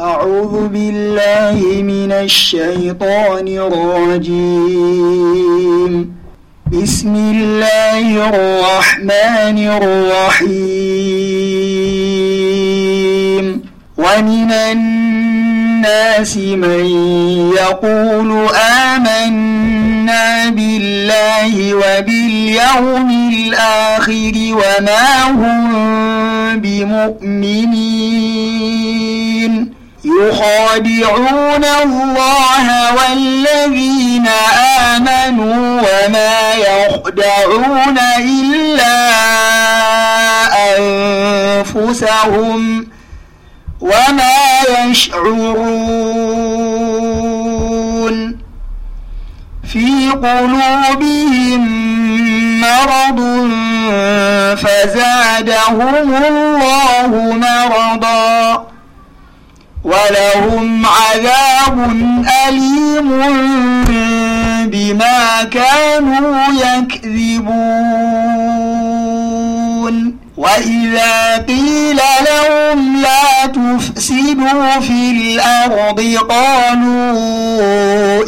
أعوذ بالله من الشيطان الرجيم بسم الله الرحمن الرحيم ومن الناس من يقول آمنا بالله وباليوم الآخر وما هم بمؤمنين يخادعون الله والذين آمنوا وما يخدعون إلا أنفسهم وما يشعرون في قلوبهم مرض فزادهم الله مرضاً ولهم عذاب أليم بما كانوا يكذبون وإذا قيل لهم لا تفسدوا في الأرض قالوا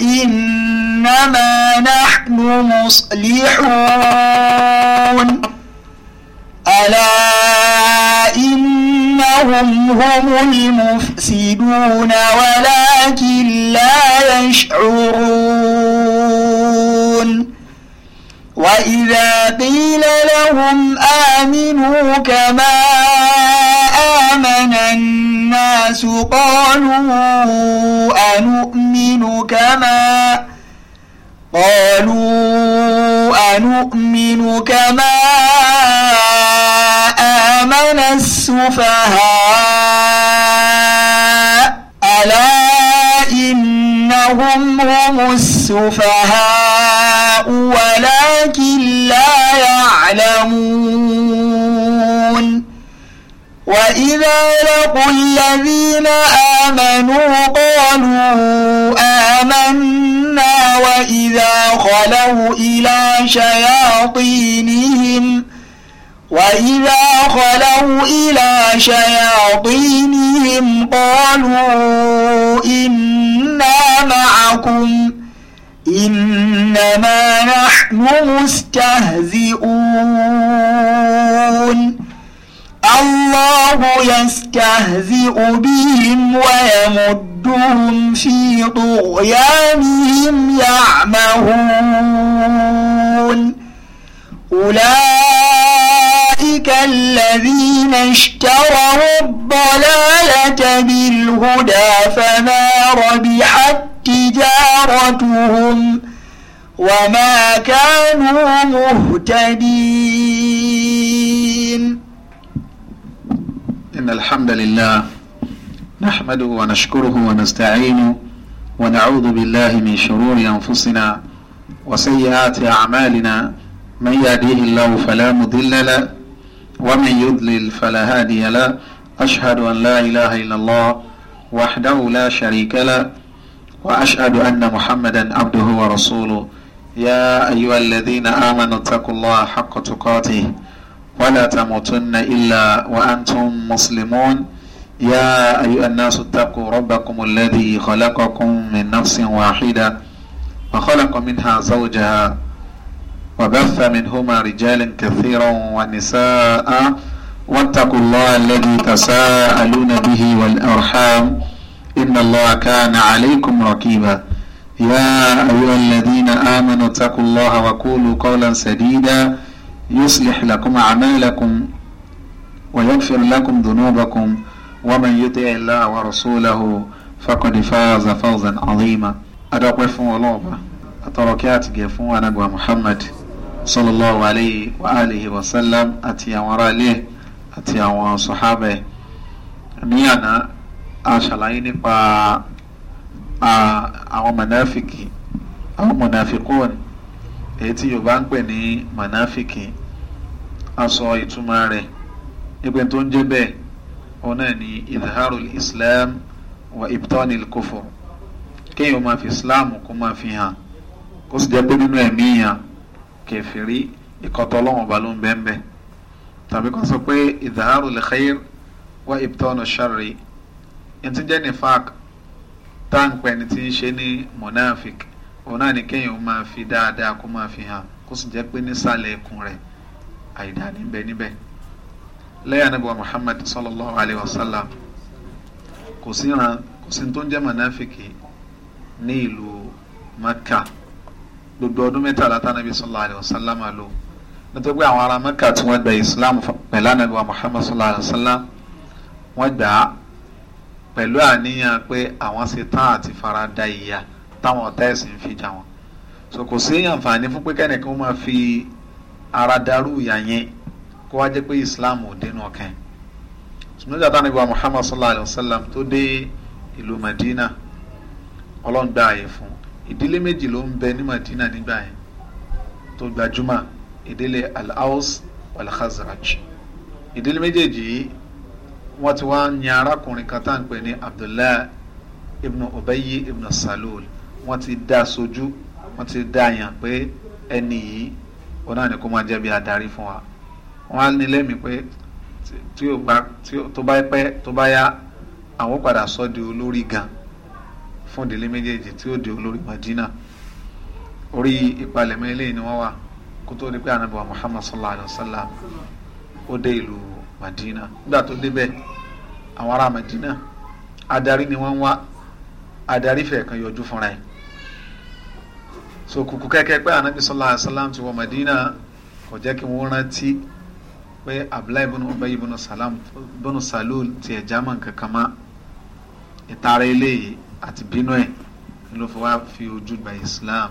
إنما نحن مصلحون ألا إنهم هم المفسدون ولكن لا يشعرون وإذا قيل لهم آمنوا كما آمن الناس قالوا أنؤمن كما قالوا أنؤمن كما من السفهاء ألا إنهم هم السفهاء ولكن لا يعلمون وإذا لقوا الذين آمنوا قالوا آمنا وإذا خلوا إلى شياطينهم وإذا خلوا إلى شياطينهم قالوا إنا معكم إنما نحن مستهزئون الله يستهزئ بهم ويمدهم في طغيانهم يعمهون أولئك الذين اشتروا الضلالة بالهدى فما ربحت تجارتهم وما كانوا مهتدين إن الحمد لله نحمده ونشكره ونستعينه ونعوذ بالله من شرور أنفسنا وسيئات أعمالنا من يهديه الله فلا مضل له ومن يضلل فلا هادي له أشهد أن لا إله إلا الله وحده لا شريك له وأشهد أن محمدا عبده ورسوله يا أيها الذين آمنوا اتقوا الله حق تقاته ولا تموتن إلا وأنتم مسلمون يا أيها الناس اتقوا ربكم الذي خلقكم من نفس واحدة وخلق منها زوجها وبث منهما رجالا كثيرا ونساء واتقوا الله الذي تساءلون به والأرحام إن الله كان عليكم رقيبا يا أيها الذين آمنوا اتقوا الله وقولوا قولا سديدا يصلح لكم أعمالكم ويغفر لكم ذنوبكم ومن يطع الله ورسوله فقد فاز فوزا عظيما أدعو الله أتركاتك فون محمد sallallahu alayhi wa alihi wa sallam àti àwọn aráalé àti àwọn sọ̀hábẹ̀ ní àná a ṣàlàyé nípa àwọn mọ̀náfìkì àwọn mọ̀náfìkọ́ọ̀nì èyí tí yorùbá ń pè ní mọ̀náfìkì a sọ ìtumọ̀ rẹ̀ ìpè tó ń jẹ́ bẹ́ẹ̀ òun náà ni ìdáhàrò islam wa ibtani kófò kéèyàn máa fi islam kó máa fi hàn kó sì jẹ́ pé nínú ẹ̀mí yàn kẹfìrí ìkọtọ ọlọ́wọ́n ba ló ń bẹ́ẹ̀ bẹ́ẹ̀ tàbí kan sọ pé ìdáhàrò lè xeyir wá ìbítọ́nù sáré ẹni tí jẹ́ ní fák táǹpẹ́ ẹni tí ń ṣe ní monafik òun náà ni kéèyàn máa fi dáadáa kó máa fi hàn kó sì jẹ́ pé nísàlẹ̀ ẹkùn rẹ̀ àìdá níbẹ̀ níbẹ̀ lẹ́yìn anábọ̀ Muhammad sallallahu alayhi wa sallam kò sí ran kò sí tó ń jẹ́ monafik ní ìlú Makkah gbogbo ọdún mẹ́tàlá tánàbí sallallahu alayhi wa sallam lò nítorí pé àwọn ará mẹ́kà tí wọ́n gba islam pẹ̀lú ànábì wa muhammad sallallahu alayhi wa sallam wọ́n gbà á pẹ̀lú àníyàn pé àwọn ṣe tán àti farada ìyà táwọn ọ̀tá ẹ̀sìn fi jà wọ́n so kò sí àǹfààní fún pé kẹ́nìkan ó máa fi ara darú ìyà yẹn kó wá jẹ́ pé islam ò dénú ọkàn sùnúdà tánàbí wa muhammad sallallahu alayhi wa sallam tó dé ìlú madina ọlọ́run gbà fún un ìdílé méjì ló ń bẹ ní Madina nígbà yẹn tó gbajúmọ̀ ìdílé al-Aws wal-Khazraj ìdílé méjèèjì yìí wọ́n ti wá ń yan arákùnrin kan tá à ń pè ní Abdullah ibn Ubayy ibn Salul wọ́n ti dá sojú wọ́n ti dá yàn pé ẹni yìí wọn náà ní kó máa jẹ́ bí adarí fún wa wọ́n á ní lẹ́mìí pé tí ó bá pẹ́ tó bá yá àwọn padà sọ di olórí gan-an fún ìdílé méjèèjì tí ó di olórí Madina orí ìpalẹ̀mọ́ eléyìí ni wọ́n wà kó tó di pé anabi Muhammad sallallahu alayhi wa sallam ó dé ìlú Madina nígbà tó débẹ̀ àwọn ará Madina adarí ni wọ́n wá adarí fẹ̀ kan yọjú fúnra ẹ̀ so kùkù kẹ́kẹ́ pé anabi sallallahu alayhi wa sallam ti wọ Madina kò jẹ́ kí wọ́n rántí pé Abdullahi ibn Ubay ibn Salam ibn Salul tiẹ̀ jámọ̀ kankan ma ìtara eléyìí àti bínú ẹ̀ ló fi wá fi ojú gba Islam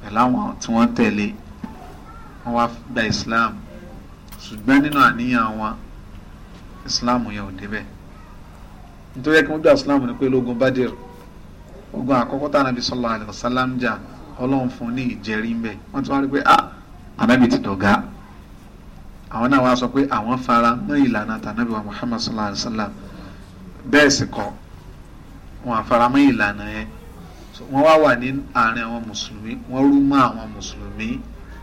pẹ̀lú àwọn tí wọ́n tẹ̀lé wọ́n wá gba Islam ṣùgbọ́n nínú àníyàn wọn Islam yẹn ò débẹ̀ nítorí ẹ̀kí wọ́n gba Islam ni pé lógun Badr ogun àkọ́kọ́ tá ànábi sallallahu alaihi wasallam jà ọlọ́run fún ní ìjẹ́rí ń bẹ̀ wọ́n ti wá rí pé ah ànábi ti dọ̀gá àwọn náà wá sọ pé àwọn fara mọ́ ìlànà tànábi wa Muhammad sallallahu alaihi wasallam bẹ́ẹ̀ sì kọ́ wọn àfaramọ́ ìlànà yẹn wọ́n wá wà ní àárín àwọn mùsùlùmí wọ́n rú mọ́ àwọn mùsùlùmí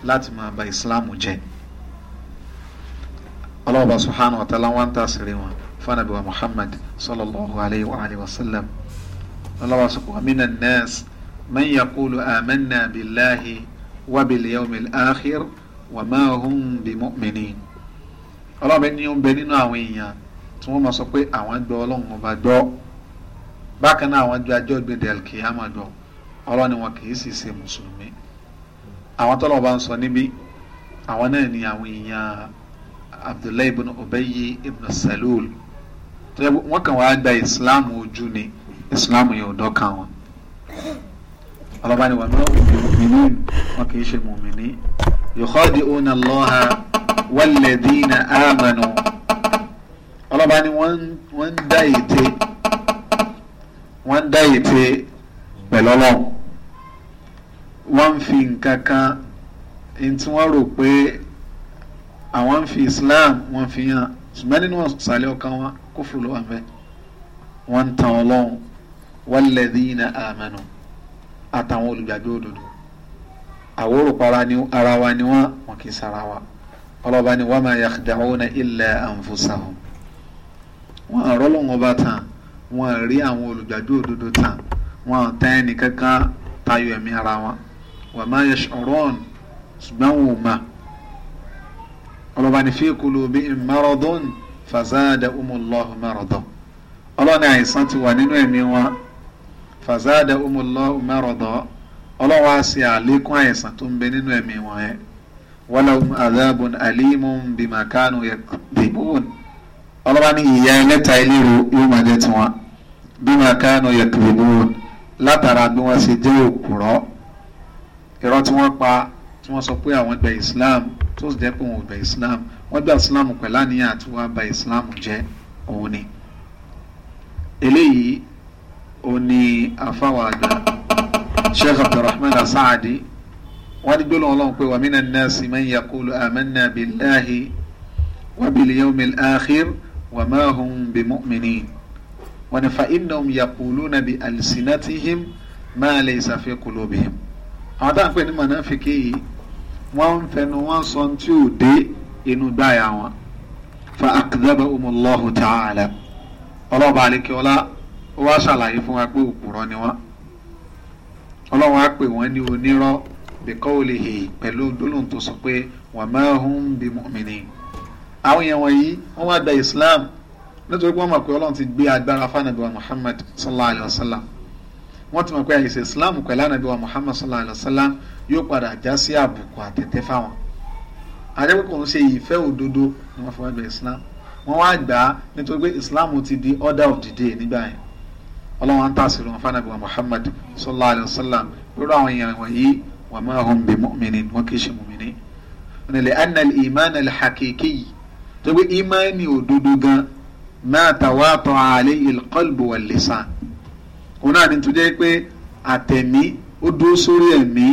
láti máa ba ìsìláàmù jẹ́ ọlọ́ọ̀bá subhanahu wa ta'ala wọ́n ń tàṣírí wọn fanabi wa muhammad sallallahu alayhi wa alayhi wa sallam ọlọ́ọ̀bá sọ̀kọ̀ amina nas man yaqulu amanna billahi wa bil yawmil akhir wa ma hum bi mu'minin ọlọ́ọ̀bá ni ó ń bẹ nínú àwọn èèyàn tí wọ́n máa sọ pé àwọn gbọ́ ọlọ́run ọba gbọ́ bákan náà àwọn ju ajọ́ gbẹdẹ kìyàmà jọ ọlọ́ni wọn kì í sì ṣe mùsùlùmí àwọn tọ́lọ̀ bá ń sọ níbí àwọn náà ni àwọn èèyàn Abdullahi ibn Ubayyi ibn Salul wọ́n kàn wá gba Islam ojú ni Islam yẹn ò dọ́kan wọn ọlọ́ba ni wọn náà mùmìnì wọn kì í ṣe mùmìnì yukhadi'una Allaha walladhina amanu ọlọ́ba ni wọ́n ń dá ète wọ́n dá ète pẹ̀lú ọlọ́run wọ́n ń fi nǹkan kan ẹni tí wọ́n rò pé àwọn ń fi Islam wọ́n fi hàn ṣùgbọ́n nínú ìsàlẹ̀ ọkàn wọn kúfùrù ló wà fẹ́ wọ́n ń tan ọlọ́run walladhina amanu àtàwọn olùgbàgbé òdodo àwòrò para ni ara wa ni wọn wọn kì í sara wa ọlọ́ba ni wama yakhda'una illa anfusahum wọn àrọ́lọ́wọ́n bá tán wọn rí àwọn olùgbàdo òdodo tàn wọn ò tán ẹnì kankan tayọ ẹ̀mí ara wọn wa ma yash'urun ṣùgbọ́n wọn ò mà ọlọ́ba ní fi qulubihim maradun fazadahumullahu maradan ọlọ́ni àìsàn ti wà nínú ẹ̀mí wọn fazadahumullahu maradan ọlọ́wọ́ á ṣe àlékún àìsàn tó ń bẹ nínú ẹ̀mí wọn yẹn walahum adhabun alimun bima kanu yakdhibun ọlọ́ba ní ìyá ẹlẹ́ta eléro yóò máa jẹ́ tiwọn bí wọn kánú yẹtùbìbò látara bí wọ́n ṣe jẹ́ òkúrọ́ irọ́ tí wọ́n pa tí wọ́n sọ pé àwọn gba Islam tó sì jẹ́ pé wọn ò gba Islam wọ́n gba Islam pẹ̀lú àníyàn àti wọ́n ba Islam jẹ́ òun ni eléyìí òun ni àfáwà àgbà Sheikh Abdulrahman As-Saadi wọ́n ní gbólóhùn ọlọ́run pé wa minan nasi man yaqulu amanna billahi wa bil yawmil وما هم بمؤمنين wọn فإنهم يقولون بألسنتهم ما ليس في قلوبهم àwọn táwọn pè ní mọ̀nàfíkì yìí wọ́n ń fẹnu wọ́n sọ tí ò dé inú gbáyà wọn فأكذبهم تعالى ọlọ́ọ̀bà àlekíọ́lá ó wá ṣàlàyé fún wa pé òpùrọ̀ ni wọ́n ọlọ́wọ́n á pè wọ́n ní onírọ́ bíkọ́ òlè pẹ̀lú gbólóhùn tó sọ pé wa ma hum bimu'minin àwọn èèyàn wọ̀nyí wọ́n wá gba islam nítorí pé wọ́n mọ̀ pé ọlọ́run ti gbé agbára fanabi wa muhammad sallallahu alayhi wa sallam wọ́n ti mọ̀ pé àìsè islam pẹ̀lú anabi wa muhammad sallallahu alayhi wa sallam yóò padà já sí àbùkù àtẹ̀tẹ̀ fáwọn àjẹpẹ́ kò ń ṣe ìfẹ́ òdodo ni wọ́n fi wá gba islam wọ́n wá gbà á nítorí pé islam ti di order of the day nígbà yẹn ọlọ́run á ń tàṣírí wọn fanabi wa muhammad sallallahu alayhi wa sallam lórí àwọn èèyàn wọ̀nyí tó pé ìmáìnì òdodo gan máa tàwátọ̀ àlẹ́ ìlkọ́lbù wàlẹ́sà òun náà ni tó jẹ́ pé àtẹ̀mí ó dúró sórí ẹ̀mí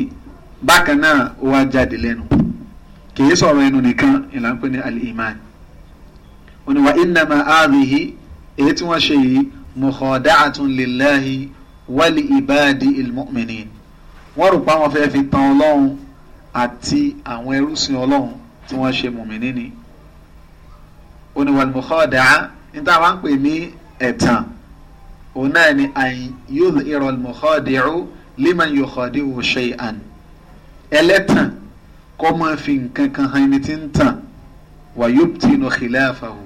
bákan náà ó wá jáde lẹ́nu kìí sọ̀rọ̀ ẹnu nìkan ìlànà ní al-iman òun wà innama àdìhí èyí tí wọ́n ṣe yìí mukhoda'atun lillahi wali ibadi ilmu'minin wọ́n rò pé àwọn fẹ́ fi tan ọlọ́run àti àwọn ẹrúsìn ọlọ́run tí wọ́n ṣe mùmìnì ni oníwàlùmọ́kọ́dà níta wàá ń pè ní ẹ̀tàn òun náà ni àyìn yóò ìrọ̀ mọ́kọ́dìrú liman yọ̀kọ́dìrú ṣẹ́yàn ẹlẹ́tàn kó máa fi nǹkan kan hàn ẹni tí ń tàn wà yóò tí inú khilafahu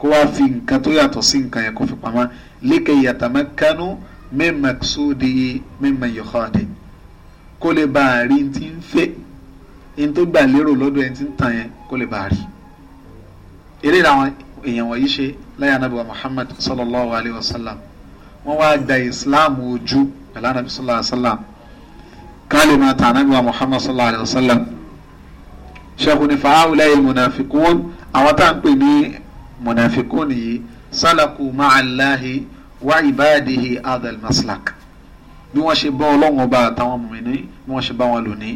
kó wàá fi nǹkan tó yàtọ̀ sí nǹkan yẹn kó fi pamọ́ líkẹ́ yatamakkanu min maqsudi mimman yọ̀kọ́dì kó lè bá a rí ti ń fẹ́ ní tó gbà lérò lọ́dọ̀ ẹni tí ń tàn yẹn kó lè bá a rí eré làwọn èèyàn wọ̀nyí ṣe láyà anabi wa muhammad sallallahu alayhi wa sallam wọ́n wá gba islam ojú pẹ̀lú anabi sallallahu alayhi wa sallam káàlì máa ta anabi wa muhammad sallallahu alayhi wa sallam ṣẹ́kù ní fàáwùlẹ̀ yìí munafikun àwọn tá à ń pè ní munafikun yìí sálàkù ma'allahi wa ibadihi adal maslak bí wọ́n ṣe bá ọlọ́run ọba àtàwọn mùmíní bí wọ́n ṣe bá wọn lò ní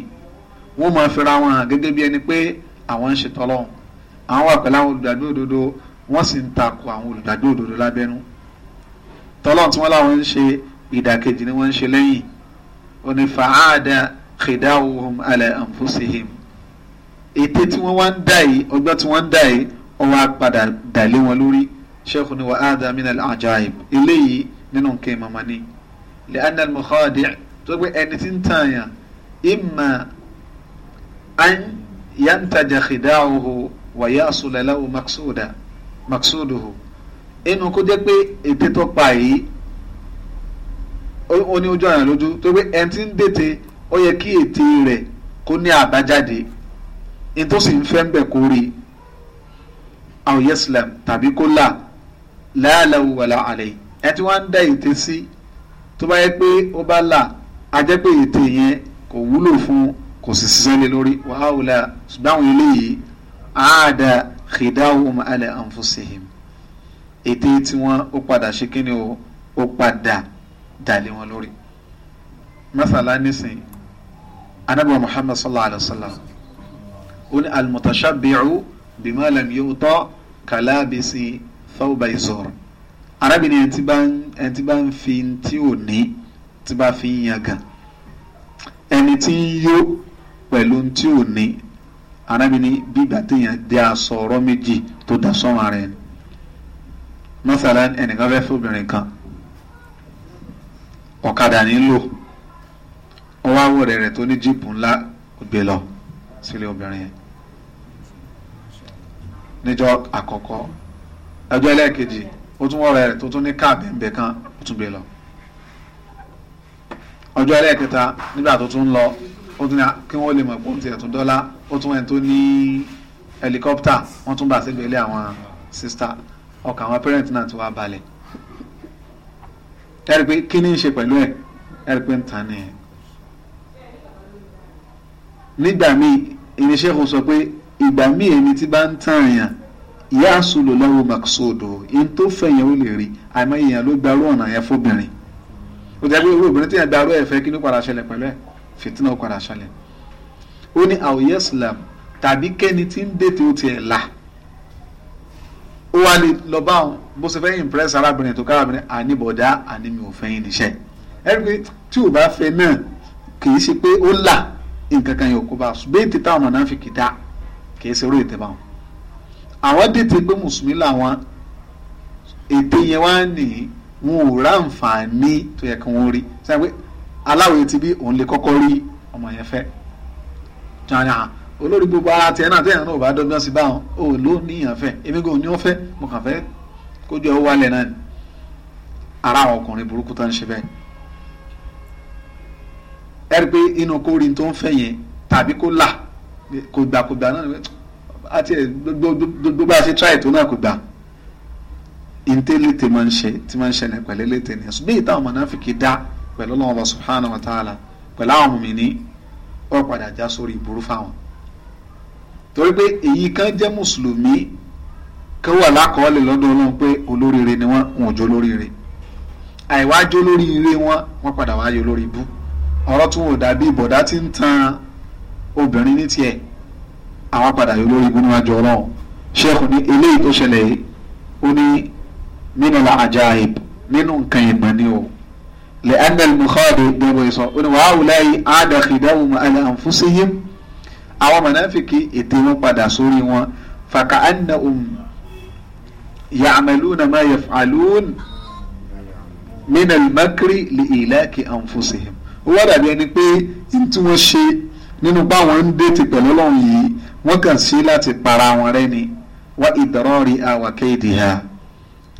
wọ́n máa fira wọn gẹ́gẹ́ bí ẹni pé àwọn ń ṣe tọ́lọ́run àwọn wà pẹ̀lú àwọn olùdàgbé òdodo wọ́n sì ń takò àwọn olùdàgbé òdodo lábẹ́nú tọ́lọ́n tí wọ́n láwọn ń ṣe ìdàkejì ni wọ́n ń ṣe lẹ́yìn òní fàáda khidawuhum ala anfusihim ète tí wọ́n wá ń dà yìí ọgbọ́n tí wọ́n ń dà yìí ọwọ́ apadà dàlé wọn lórí sheikh ni wa adam min al-ajaib eléyìí nínú nǹkan ìmọ̀mọ́ ni li'anna al-mukhadi tó gbé ẹni tí ń tàn yàn imma an yantaja wàyà àsùlẹ̀láwò maksuduhu inú kó jẹ́ pé ète tó pa yìí ó ní ojú àyàn lójú tó pé ẹni tí ń dètè ó yẹ kí ète rẹ̀ kó ní àbájáde ní tó sì ń fẹ́ ń bẹ̀ kó rí àwọn yẹ́sìlẹ̀m tàbí kó là láàlàwò wàlà àlẹ́ yìí ẹni tí wọ́n ń dá ète sí tó bá yẹ pé ó bá là á jẹ́ pé ète yẹn kò wúlò fún kò sì ṣiṣẹ́ lé lórí wàhálà ṣùgbọ́n àwọn eléyìí àádá khidawum ala anfusihim ète tí wọ́n ó padà ṣe kíni o ó padà dàlé wọn lórí masala nísìn anabi muhammad sallallahu alaihi wa sallam ó ní almutashabi'u bima lam yu'ta kalabisi thawba izor arábìnrin ẹni tí bá ń fi tí ò ní tí bá fi ń yan ẹni tí ń yó pẹ̀lú tí ò ní arábìnrin bí ìgbà téèyàn dé aṣọ ọ̀rọ̀ méjì tó dà sọ́run ara ẹni mọ́sálá ẹnìkan fẹ́ fóbìnrin kan ọ̀kadà nílò ọwọ́ àwòrán rẹ̀ tó ní jíìpù ńlá gbé lọ sílé obìnrin yẹn níjọ́ àkọ́kọ́ ọjọ́ ẹlẹ́ẹ̀kejì ó tún wọ́ọ̀rẹ́ rẹ̀ tó tún ní káàbì ńbẹ kan ó tún gbé lọ ọjọ́ ẹlẹ́ẹ̀kẹta nígbà tó tún lọ ó tún kí wọ́n lè mọ̀ pé ó ń tiẹ̀ tún ó tún ẹni tó ní helicopter wọ́n tún bà síbi ilé àwọn sister ọkàn àwọn parent náà ti wá balẹ̀ ẹ̀rí pé kí ni ń ṣe pẹ̀lú ẹ̀ ẹ̀rí pé ń tàn ní ẹ̀ nígbà míì irinṣẹ́ kan sọ pé ìgbà míì ẹni tí bá ń tàn yàn ìyá àsùlò lọ́wọ́ maqsudu in tó fẹ̀yàn ó lè rí àmọ́ èèyàn ló gbarú ọ̀nà yẹn fóbìnrin ó jẹ́ pé obìnrin tí yẹn gbarú ẹ̀ fẹ́ kí ló padà ṣẹlẹ̀ pẹ̀lú ẹ̀ fìtínà ó padà ṣẹlẹ̀ ó ní àwòyẹ islam tàbí kẹ́ni tí ń dètè ó tiẹ̀ là ó wá lè lọ bá wọn bó ṣe fẹ́ impress arábìnrin tó kárábìnrin àníbọ̀dá àními ò fẹ́ yín níṣẹ́ ẹ̀rí pé tí ò bá fẹ́ náà kì í ṣe pé ó là nǹkan kan yòókù bá ṣùgbọ́n ètè táwọn ọ̀nà fi kì í dá kì ṣe orí ètè báwọn àwọn dètè pé mùsùlùmí làwọn ètè yẹn wá nìyí wọn ò ráǹfààní tó yẹ kí wọ́n rí sẹ́yìn aláwọ̀ etí bí òun lè kọ́kọ́ rí ọmọ yẹn fẹ́ tààrà olórí gbogbo ara tiẹ̀ náà tẹ̀yàn náà ò bá dọ́gbọ́n sí báwọn ò ló níyàn fẹ́ èmi kò ní ó fẹ́ mo kàn fẹ́ kójú ẹ̀ ó wálẹ̀ náà ni ara àwọn ọkùnrin burúkú tó ń ṣe bẹ́ẹ̀ ẹ rí i pé inú kórìí tó ń fẹ́ yẹn tàbí kó là kò gbà kò gbà náà ni àti gbogbo bá a ṣe tíráì tó náà kò gbà ìntẹ́lẹ̀ tí máa ń ṣe tí máa ń ṣẹlẹ̀ pẹ̀lẹ́lẹ̀ tẹ̀ ní ẹ̀sùn bí ìtàn mọ̀nàfíkì dá pẹ̀lú ọlọ́run subhanahu wa ta'ala pẹ̀lú àwọn mùmínì ó padà já sórí ìburú fáwọn torí pé èyí kan jẹ́ mùsùlùmí kan wà lákọọ́lẹ̀ lọ́dọ̀ ọlọ́run pé olóríire ni wọ́n ń jó lóríire àìwájú olóríire wọn wọ́n padà wá yọ lórí ibú ọ̀rọ̀ tún ò dàbí ìbọ̀dá tí ń tan obìnrin ní tiẹ̀ àwọn padà yọ lórí ibú níwájú ọlọ́run sheikh ní eléyìí tó ṣẹlẹ̀ yìí ó ní nínú la ajaib nínú nǹkan ìmọ̀ ni o. لأن mùkọ́ọ̀dì dẹ́gbẹ̀ sọ ó ní wàá wùlẹ̀ yìí àádọ́kìdáwò àlẹ́ ànfúsíhìm àwọn mọ̀nàfìkì ètè wọn padà sórí wọn fàkà ànà òun yàmẹ̀lúnà máa yẹ fàlún mínà mákìrì lè ìlàkì ànfúsíhìm ó wá dàbí ẹni pé n tí wọ́n ṣe nínú báwọn ń pẹ̀lú ọlọ́run yìí wọ́n kàn sí láti para wọn rẹ́ ni wá ìdọ̀rọ̀rì àwàkéèdè ha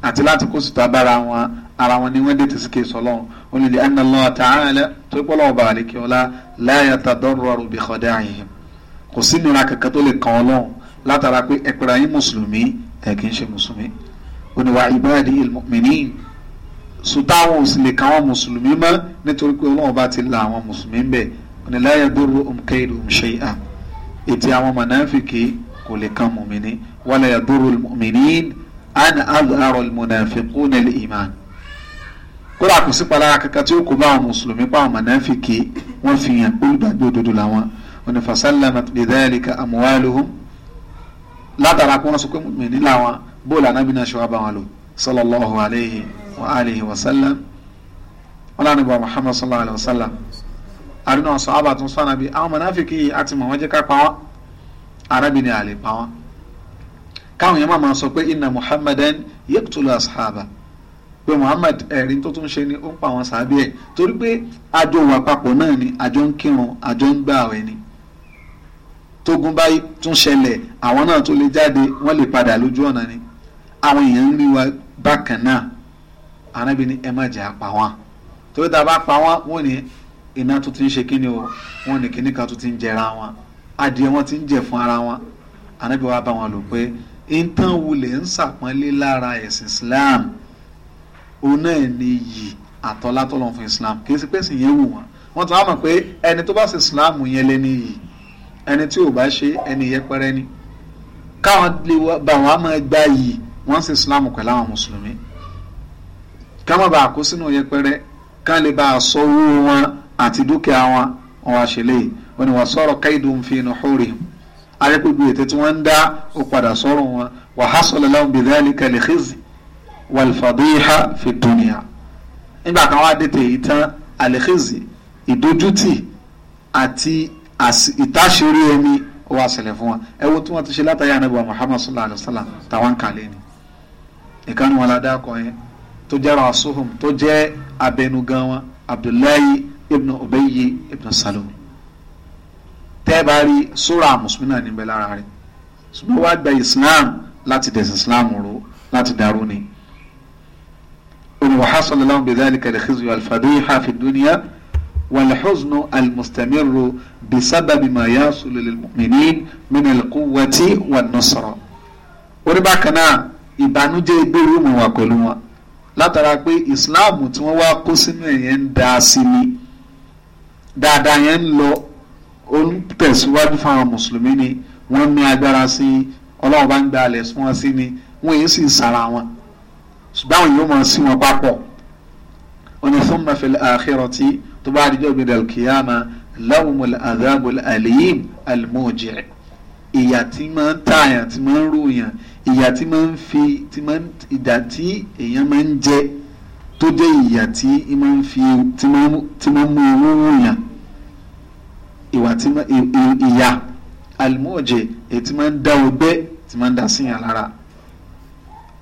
àti láti kó sùtà bára wọn ara wọn ni wọ́n dètè sí kéésọ̀ ọlọ́run ó ní li'anna Allah ta'ala tó gbọ́dọ̀ ọba àlekíọ́lá la yatadarraru bi khada'ihim kò sí nira kankan tó lè kàn ọlọ́run látara pé ẹ̀pẹ̀rẹ̀ ayé mùsùlùmí ẹ̀ kì í ṣe mùsùlùmí ó ní wa ibadil mu'minin sùtáwọn ò sì lè kàn àwọn mùsùlùmí mọ́ nítorí pé ọlọ́run bá ti la àwọn mùsùlùmí bẹ̀ ó lè kàn mùmìnì wala kódà kò sí palára kankan tí ó kó bá àwọn mùsùlùmí pa àwọn mọ̀nàfìkì wọ́n fi hàn olùgbàgbé òdodo làwọn ọ̀nà fasallamat bidhalika amwaluhum látara kó wọ́n sọ pé mùmìnì làwọn bóòlù anábì náà ṣe wá bá wọn lò sallallahu alayhi wa alihi wa sallam wọn lànà ibà muhammad sallallahu alayhi wa sallam àdúnà sọ abatun sọ ànàbì àwọn mọ̀nàfìkì yìí àti mọ̀ wọ́n jẹ́ ká pa wọ́n arábìnrin àlè pa wọ́n káwọn yẹn máa sọ pé inna muhammadan yaqtulu ashaba pé Muhammad ẹ̀rí tó tún ṣe ni ó ń pa àwọn sàábì ẹ̀ torí pé àjọ wà papọ̀ náà ni àjọ ń kírun àjọ ń gbààwẹ̀ ni tógun bá tún ṣẹlẹ̀ àwọn náà tó lè jáde wọ́n lè padà lójú ọ̀nà ni àwọn èèyàn ń rí wa bákan náà arábìn ni ẹ má jẹ́ apá wọn torí tá a bá pa wọn wọn ni iná tó ti ń ṣe kíni o wọn ni kíní kan tó ti ń jẹra wọn adìẹ wọn ti ń jẹ fún ara wọn arábìn wa bá wọn lò pé ìtàn wulẹ̀ ń ṣàpọ́nlé lára ẹ̀sìn Islam òun náà ni yìí àtọ́lá tó lọ́n fún islam kì í ṣe pé sìn yẹn wù wọ́n wọ́n ti wá mọ̀ pé ẹni tó bá ṣe islam yẹn lẹ́ni yìí ẹni tí ò bá ṣe ẹni yẹpẹrẹ ni káwọn lè bá wọn á máa gbá yìí wọ́n ṣe islam pẹ̀lú àwọn mùsùlùmí ká má bàa kó sínú yẹpẹrẹ ká lè bá a wọn àti dúkìá wọn wọn wá ṣe wọn ni wọn sọ̀rọ̀ kaidun fi nuhurihim arẹ́pẹ́gbẹ́ ètò tí wọ́n ń dá ó padà sọ̀rọ̀ wọn wa hasala lahum walfadiha fi dunya nígbà kan wá dètè yìí tán alikizi ìdójútì àti ìtàṣírí ẹni wá ṣẹlẹ̀ fún wa ẹ wo tí wọ́n ti ṣe látàrí anábìwá muhammad sallallahu alayhi wa sallam táwọn kàlẹ́ ni ìkànnì wọn ládàá kọ yẹn tó jẹ́ rasuhum tó jẹ́ abẹnugan wọn abdullahi ibn ubayyi ibn salul tẹ́ẹ̀bá sura musulmi náà níbẹ̀ lára rẹ̀ ṣùgbọ́n wàá gba islam láti dẹ̀sẹ̀ islam ro láti dàrú ni. وحصل لهم بذلك الخزي والفضيحة في الدنيا والحزن المستمر بسبب ما يصل للمؤمنين من القوة والنصرة oríbàkaná ìbànújẹ́ ìbéèrè òmò wà pẹ̀lú wọn látara pé ìsìláàmù tí wọ́n wá kó sínú ẹ̀yẹn ń da sí ni dáadáa yẹn ń lọ ó ń tẹ̀síwájú fáwọn mùsùlùmí ni wọ́n ní agbára sí ọlọ́run bá ń gba alẹ̀ fún wọn sí ni wọ́n èyí sì sára wọn ṣùgbọ́n àwọn yóò máa sí wọn papọ̀ oní thumma fil akhirati tó bá àdìjọ́ gbẹ̀dẹ̀ alkiyama lahumul azabul alim almuji ìyà tí máa ń tààyàn tí máa ń ròyàn ìyà tí máa ń fi tí máa ń ìdà tí èèyàn máa ń jẹ tó dé ìyà tí máa ń fi tí máa ń mú owó ròyàn ìwà tí ìyà almuji èyí tí máa ń dá ọgbẹ́ tí máa ń dá síyàn lára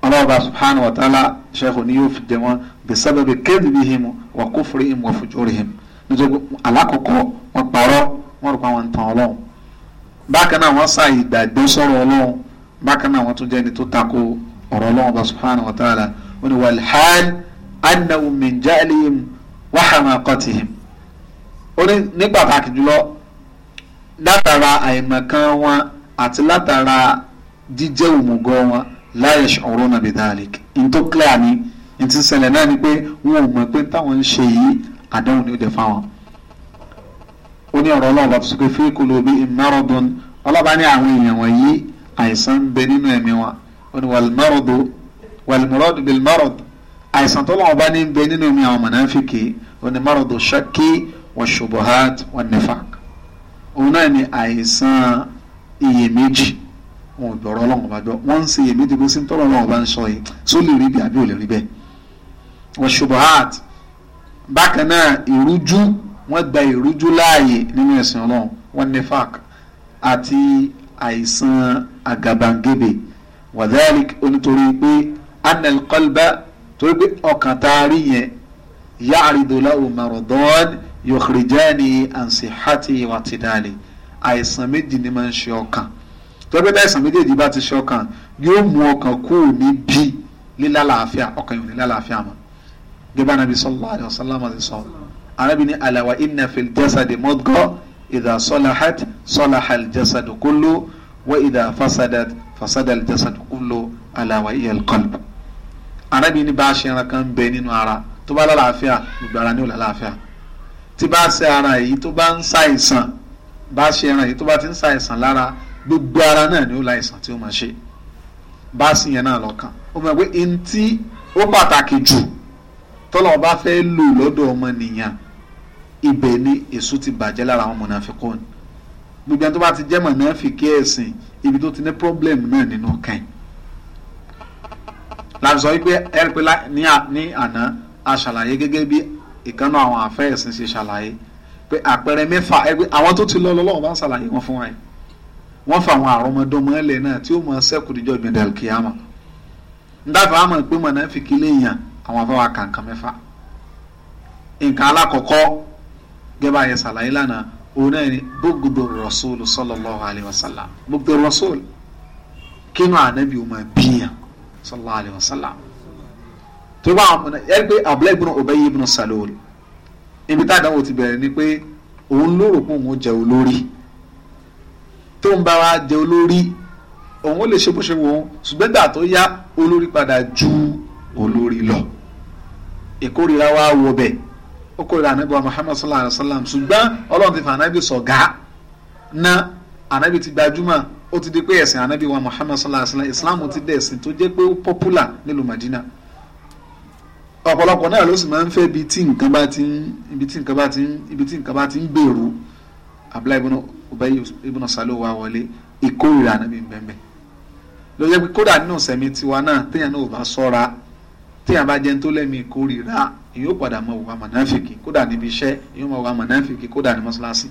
ọlọ́ọ̀bá subhanahu wa ta'ala sheikh ni yóò fi jẹ wọn bisababi kadhibihim wa kufrihim wa fujurihim nítorí alákọ̀ọ́kọ́ wọn parọ́ wọn rò pa wọn tàn ọlọ́run bákan náà wọn sá ìgbàgbé sọ̀rọ̀ ọlọ́run bákan náà wọn tún jẹ́ ni tó tako ọ̀rọ̀ ọlọ́run ọba subhanahu wa ta'ala wọn ni walhal annahum min ja'lihim wa hamaqatihim ó ní pàtàkì jùlọ látara àìmọ̀kan wọn àti látara jíjẹ́ òmùgọ̀ wọn la yash'uruna bidhalik n tó clear ni n ti ṣẹlẹ̀ náà ni pé wọn ò mọ̀ pé táwọn ń ṣe yìí àdéhùn ni ó dé fáwọn. ó ní ọ̀rọ̀ ọlọ́ọ̀bà tó fi qulubihim maradun ọlọ́ba ní àwọn èèyàn wọ̀nyí àìsàn ń bẹ nínú ẹ̀mí wọn ó ní wàlmọ́rọ̀dù wàlmọ́rọ̀dù àìsàn tó lọ́wọ́ bá ní bẹ nínú ẹ̀mí àwọn mọ̀nàfíkì ó ní mọ́rọ̀dù ṣákì wàṣubuhat wànífàk òun náà ní àìsàn iyèméjì wọn ò gbọ́rọ̀ ọlọ́run bá gbọ́ wọ́n ń ṣe èmédè bó sí ń tọ́rọ̀ ọlọ́run bá ń sọ yìí só lè rí bí àbí ò lè rí bẹ́ẹ̀. wọ́n ṣubọ̀ hart bákan náà ìrújú wọ́n gba ìrújú láàyè nínú ẹ̀sìn ọlọ́run wọ́n ní fák àti àìsàn àgàbàǹgebè wàdálík onítorí pé anel kọlbà torí pé ọkàn tá a rí yẹn yáàrídọ́lá òmàrọ̀dọ́n yọ̀kìrìjáni ànsìhátì wàtìdálì àìsàn méjì ni máa ń ṣe ọkàn tọ́gbẹ́ táìsàn méjèèjì bá ti ṣọkàn yóò mú ọkàn kúrò níbi lílálàáfíà ọkàn yóò lílálàáfíà mọ́ gẹ́gẹ́ anabi sallallahu alayhi wa sallam ti sọ anabi ni alawa inna fil jasadi mudga idha salahat salaha al jasadu kullu wa idha fasadat fasada al jasadu kullu alawa iya al qalb anabi ni bá a ṣe ẹran kan bẹ nínú ara tó bá lálàáfíà gbogbo ara ni ó lálàáfíà tí bá ṣe ara yìí tó bá ń ṣàìsàn bá ṣe ẹran yìí tó bá ti ń ṣàìsàn lára gbogbo ara náà ni ó láìsàn tí ó máa ṣe báàsì yẹn náà lọ́kàn ó mọ̀ pé n tí ó pàtàkì jù tọ́lọ̀ bá fẹ́ lò lọ́dọ̀ ọmọnìyàn ibẹ̀ ni èso ti bàjẹ́ lára àwọn ni gbogbo ẹni tó bá ti jẹ́ mọ̀nàfikí ẹ̀sìn ibi tó ti ní pọ́blẹ́mù náà nínú kẹ́hìn láti sọ wípé ẹ̀rìpẹ́ ní àná a ṣàlàyé gẹ́gẹ́ bí ìkànnà àwọn àfẹ́ ẹ̀sìn ṣe ṣàlàyé pé àpẹẹrẹ mẹ́fà ẹgbẹ́ àwọn tó ti lọ lọ́wọ́ bá ń ṣàlàyé wọn fún wa yìí wọ́n fa àwọn àrọ́mọdọ́mọ ẹlẹ̀ náà tí ó mọ sẹ́kù níjọ́ ìgbìndà kìámà ndáfà àmọ̀ pé mọ̀nàfíkì léèyàn àwọn afáwà kàǹkà mẹ́fà nǹkan alákọ̀ọ́kọ́ gẹ́bà yẹn sàlàyé lánàá òun náà ni bógbó rọ̀sọ́ọ̀lù sallallahu wa kínú ànábì ọmọ bíyàn sallallahu aliyu wa tó bá àwọn ọmọ tó ń bá wa jẹ olórí òun ó lè ṣe bó ṣe wò ó ṣùgbọ́n gbà tó yá olórí padà ju olórí lọ ìkórira wa wọ bẹ̀ ó kórira ànábì wa Muhammad sallallahu alayhi wa sallam ṣùgbọ́n ọlọ́run ti fa ànábì sọ̀gá ná ànábì ti gbajúmọ̀ ó ti di pé ẹ̀sìn ànábì wa Muhammad sallallahu alayhi wa sallam islam ti dẹ̀ ẹ̀sìn tó jẹ́ pé ó pọ́pùlà nílùú Madina ọ̀pọ̀lọpọ̀ náà ló sì máa ń fẹ́ ibi tí nǹkan bá ti ń ibi tí nǹkan bá ti ń gbèrú abúlé ibùdó Ubay ibn Salul wá wọlé ìkórìíra ànábì bẹ́ẹ̀ ló yẹ pé kódà nínú sẹ̀mí tiwa náà téèyàn náà ò bá sọ́ra téèyàn bá jẹ́ tó lẹ́mí ìkórìíra yóò padà mọ òwà mọ̀náfìkì kódà níbi iṣẹ́ yóò mọ òwà mọ̀náfìkì kódà ní mọ́ṣáláṣí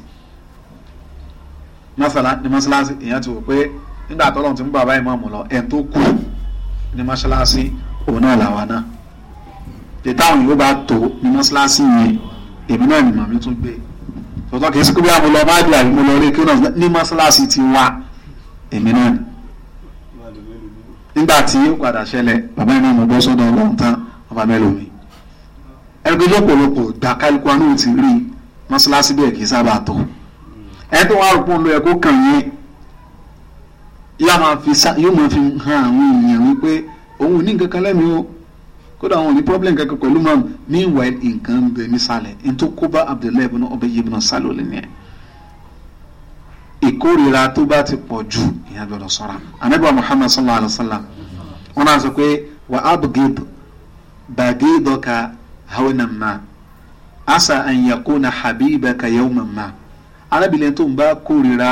ní mọ́ṣáláṣí èèyàn ti wò pé nígbà tọ́lọ́run ti mú bàbá ìmáàmù lọ ẹ̀ tó kú ní mọ́ṣáláṣí òun náà làwa náà tètè yóò bá tó ní mọ́ṣáláṣí yẹn èmi náà ni màmí tún gbé e sọtọ́ kì í sìnkú lọ àbí mo lọ rí ní mọ́ṣáláṣí ti wá èmi náà ni nígbà tí ó padà ṣẹlẹ̀ bàbá yẹn náà mo bọ́ sọ́dọ̀ ọlọ́run tán bàbá mẹ́lò mi ẹgbẹ́ lọ́pọ̀lọpọ̀ gbà kálukú anú ti rí mọ́ṣáláṣí bẹ́ẹ̀ kì í sábà tọ̀ ẹ tó wá kódà àwọn ò ní problem kankan pẹ̀lú mam meanwhile nǹkan ń bẹ nísàlẹ̀ nítorí kó bá Abdullahi ibn Ubay ibn Salul lẹ́nìyẹn ìkórira tó bá ti pọ̀ jù ìyá gbọ́dọ̀ sọ́ra anábìá Muhammad sallallahu alayhi wa sallam wọn náà sọ pé wà á bùgìb bàgìdọ̀ka hawnan ma asa an yakuna habibaka yawman ma arábìnrin tó ń bá kórira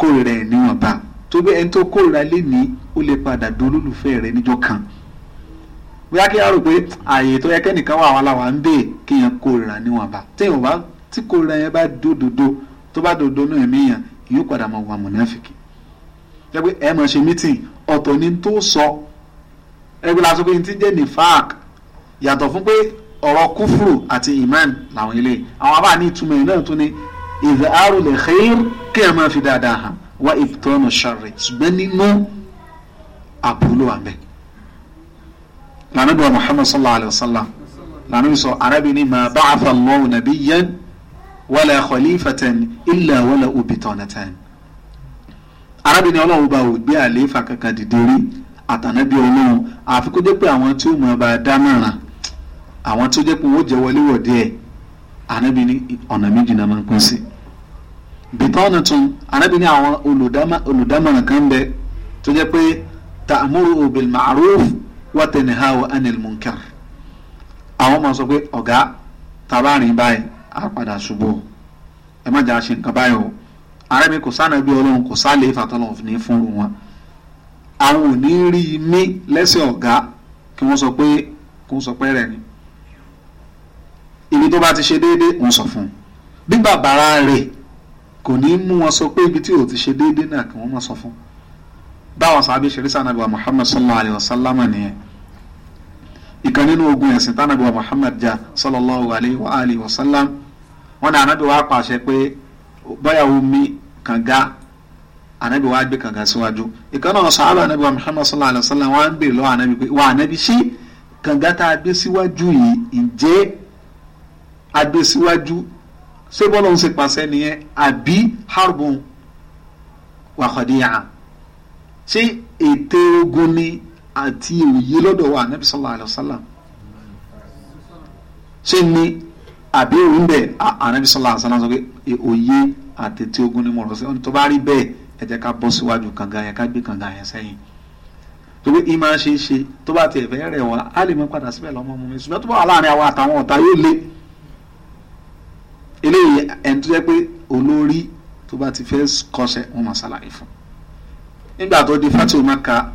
kórira ẹ̀ níwọ̀nba tó bẹ́ẹ̀ ẹni tó kórira lé ní ó lè padà dolólùfẹ́ rẹ̀ níjọ́ kan bóyá kí á rò pé àyè tó yẹ kẹ́nìkan wà wà láwa ń bè kéèyàn kórìíra níwọ̀nba téèyàn bá tí kórìíra yẹn bá dòdòdó tó bá dòdòdó náà ẹ̀mí yẹn yóò padà máa wà mọ̀náfìkì. ẹ pé ẹ máa ṣe mítìn ọ̀tọ̀ ni tó sọ ẹ pé lásán pé ní ti jẹ́ ní fák yàtọ̀ fún pé ọ̀rọ̀ kúfùrù àti imán làwọn ilé àwọn abáà ní ìtumọ̀ yìí náà tún ní ìdáàrú lè xeyír kí ẹ máa fi dáadáa hàn wá ìtọ́nà ṣàrẹ̀ ṣùgbọ́n nínú àbúrò àbẹ̀ lànà bí wa muhammad sallallahu alayhi wa sallam lànà bí sọ arábìnrin ma ba'atha Allahu nabiyyan wala khalifatan illa wala ubitanatan arábìnrin ọlọ́run bá ò gbé àlééfà kankan dìde rí àtànábí ọlọ́run àfi kó jẹ́ pé àwọn tí ó mọ̀ bá dámọ̀ràn àwọn tó jẹ́ pé wọ́n jẹ́ wọlé wọ̀dé ẹ̀ arábìnrin ọ̀nà méjì náà máa ń pín sí. bìtọ́ọ̀nù tún arábìnrin àwọn olùdámọ̀ràn kan bẹ tó jẹ́ pé ta'muru bil ma'ruf wàtẹnìhàwò anil munkar àwọn máa so pe oga tabarin báyìí á padà ṣubú ẹ ọ jà ṣe nǹkan ọ o mi kò sánà bí ọlọ́run kò sálè ìfàtọ́lọ́run fi ní fún wọn àwọn ò ní rí i mí lẹ́sẹ̀ sọ pé kí ni ibi ti se sọ fun kò ibi tí o ti ṣe déédéé náà kí má sọ fún báwọn ṣe Muhammad sallallahu wa sallam nìyẹn ìkan nínú ogun ẹ̀sìn tánàbí wa Muhammad jà sallallahu alayhi wa alihi wa sallam wọn ní anabi wa pàṣẹ pé báyà omi kànga anabi wa gbé kànga síwájú ìkan náà sàhábà anabi wa Muhammad sallallahu alayhi wa sallam wọn á ń bèrè lọ́wọ́ anabi pé wà anabi ṣé kànga tá a gbé síwájú yìí ǹjẹ́ a gbé síwájú ṣé bọ́lá ń ṣe pàṣẹ nìyẹn àbí harbun wàhọ̀díyà ṣé ète ogun ni àti òye lọ́dọ̀ wa anabi sallallahu alayhi wa sallam ṣé ni àbí òun bẹ anabi sallallahu alayhi wa sallam sọ pé òye àtẹ̀tẹ̀ ogun ni mo rọ̀ sí ọ́n tó bá rí bẹ́ẹ̀ ẹ jẹ́ ká bọ́ síwájú kànga yẹn ká gbé kànga yẹn sẹ́yìn torí ìmọ̀ ṣe é ṣe tó bá tiẹ̀ fẹ́ rẹ̀ wá á lè mọ padà síbẹ̀ lọ́mọ mu mi ṣùgbọ́n tó bá wà láàrin àwa àtàwọn ọ̀tá yóò le eléyìí ẹni tó jẹ́ pé olórí tó bá ti fẹ́ kọsẹ̀ wọn máa ṣàlàyé fún nígbà tó di Fatu Maka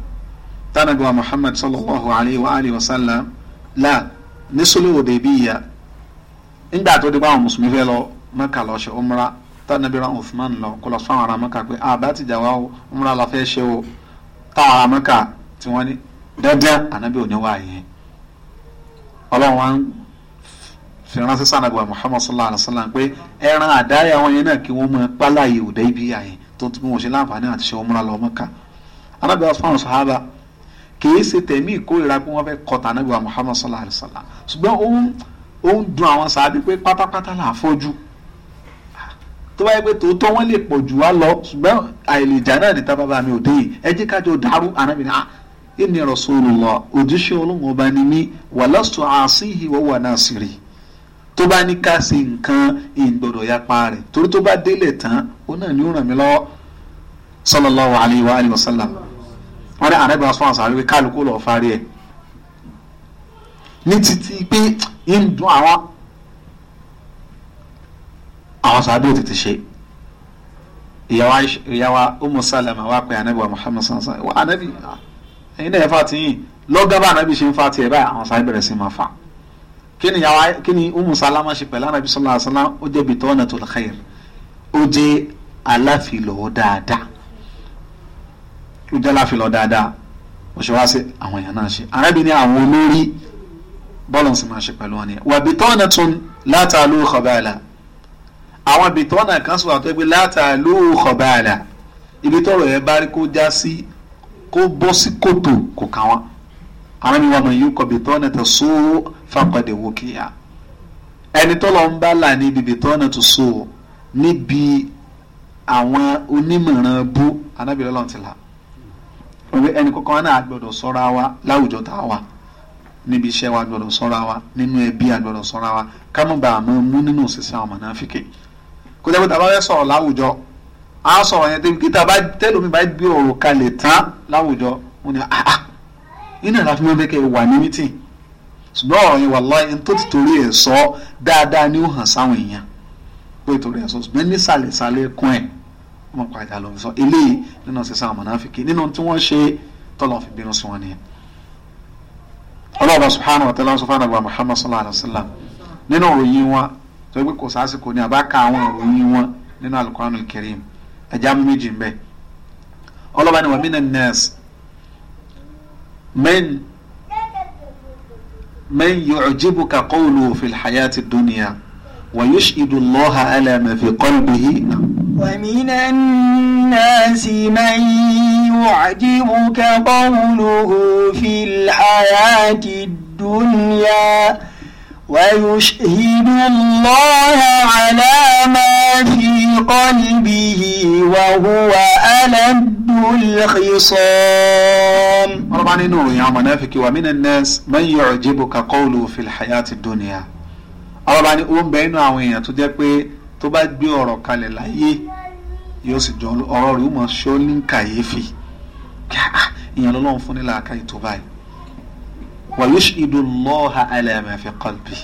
tánàbí wa muhammad sallallahu alayhi wa alihi wa sallam la ní sulu Hudaybiya nígbà tó di bá àwọn mùsùlùmí fẹ́ lọ mẹ́ka lọ ṣe umra tánàbí ra uthman lọ kó lọ sọ àwọn ará mẹ́ka pé àbá ah, ti jà wá o umra la fẹ́ ṣe o tá ará mẹ́ka tí wọ́n ní dandan ànábì ò ní wá yẹn ọlọ́run wa ń fi ránṣẹ́ muhammad sallallahu alayhi wa sallam pé ẹran àdáyà wọn yẹn náà kí wọ́n mọ pálá yìí Hudaybiya yẹn tó ti bí wọn ṣe láǹfààní àti ṣe umra lọ mẹ́ka anábìyà fáwọn sàhábà kìí ṣe tẹ̀mí ìkórira pé wọ́n fẹ́ kọta ànábì wa muhammad sallallahu alayhi wa sallam ṣùgbọ́n òun òun dùn àwọn sàbí pé pátápátá là á fọ́jú tó bá yẹ pé tòótọ́ wọ́n lè pọ̀ jù wá lọ ṣùgbọ́n àìlèjà náà ní tábà bá mi ò dé yìí ẹ jẹ́ ká jọ dàrú ànábì náà inni rasulullah òjíṣẹ́ ọlọ́run ọba ni mí wa lastu àásìhì wa huwa nasiri tó bá ní ká ṣe nǹkan ìgbọ̀dọ̀ yapa rẹ̀ torí tó bá délẹ̀ tán ó náà ní ó ràn mí lọ́wọ́ sallallahu alayhi wa alihi wa sallam wọ́n ní àrẹ́bí wọn sọ́wọ́n sàrẹ́ pé kálukú lọ́ọ́ fárí ẹ̀ ní títí pé ń dún àwọn àwọn sàbí ò tètè ṣe ìyàwó ìyàwó Umu Salama wá pé ànábì wa Muhammad sansan wa ànábì ẹ̀yin náà ẹ̀ fà tiyín lọ́gá bá ànábì ṣe ń fa tiẹ̀ báyìí àwọn sàbí bẹ̀rẹ̀ sí máa fà kí ìyàwó kí ni ṣe pẹ̀lú ànábì sallallahu alaihi ó jẹ́ bitanatul khair ó jẹ́ aláfilọ́ dáadáa tó jẹ́ láfi lọ dáadáa ó ṣe wá sí àwọn èèyàn náà ṣe arábìnrin àwọn olórí bọ́ọ̀lù sì máa ṣe pẹ̀lú wọn ni wàbí tọ́nà tún látàlú kọ̀bàlà àwọn ibi tọ́nà kan sọ̀rọ̀ tó gbé látàlú kọ̀bàlà ibi tọ́rọ̀ yẹn bá rí kó já sí kó bọ́ sí kòtò kò kàn wọ́n àwọn ènìyàn wọn yìí kọ̀ bí tó so fàkọ̀dé wò kíyà ẹni tọ́lọ̀ ń bá là ní ibi tọ́nà tó so níbi àwọn onímọ̀ràn bú anábìrẹ́lọ́ntìlá ẹnì kọ̀ọ̀kan náà gbọ́dọ̀ sọ́ra wa láwùjọ tá a wà níbi iṣẹ́ wa gbọ́dọ̀ sọ́ra wa nínú ẹbí a gbọ́dọ̀ sọ́ra wa ká mọ̀ bá a mọ̀ mú nínú òṣìṣẹ́ àwọn mọ̀nàfíkì kó jẹ́ pé tá a bá fẹ́ sọ̀rọ̀ láwùjọ a sọ̀rọ̀ yẹn débi kí tá a bá tẹ́lómi bá gbé ọ̀rọ̀ kalẹ̀ tán láwùjọ wọn ni àá iná ìlà fún mi bẹ́ẹ̀ kẹ́ wà ní mítìn ṣùgbọ́n ọ̀rọ̀ yẹn wàláhì tó ti torí ẹ̀ sọ dáadáa ni ó sáwọn èèyàn pé torí ẹ̀ sọ ṣùgbọ́n nísàlẹ̀sàlẹ̀ kún ẹ̀ ọmọ nǹkan àìdá ló ń sọ eléyìí nínú sísan àmọ̀náfíkì nínú tí wọ́n ṣe tọ́lọ̀ fi bínú sí wọn ni. ọlọ́ọ̀bà subhanahu wa ta'ala subhanahu wa muhammad sallallahu alayhi wa sallam nínú òròyìn wọn tó gbé kò sásìkò ní àbáka àwọn òròyìn wọn nínú alukoranu karim ẹja méjì ń bẹ ọlọ́ba ni wa minan nas man man yu'jibuka qawluhu fil hayati dunya wa yushhidu allaha ala ومن الناس من يعجبك قوله في الحياة الدنيا ويشهد الله على ما في قلبه وهو ألد الخصام رباني نور يا منافق ومن الناس من يعجبك قوله في الحياة الدنيا رباني أم بين bẹ nínú tó bá gbé ọ̀rọ̀ kalẹ̀ láyé yóò sì jọ ọ̀rọ̀ rẹ̀ ó mọ̀ ṣó ní kàyéfì ah, ìyẹn lọ́lọ́run fún ní làákà ètò báyìí wa yushhidu Allaha ala ma fi qalbi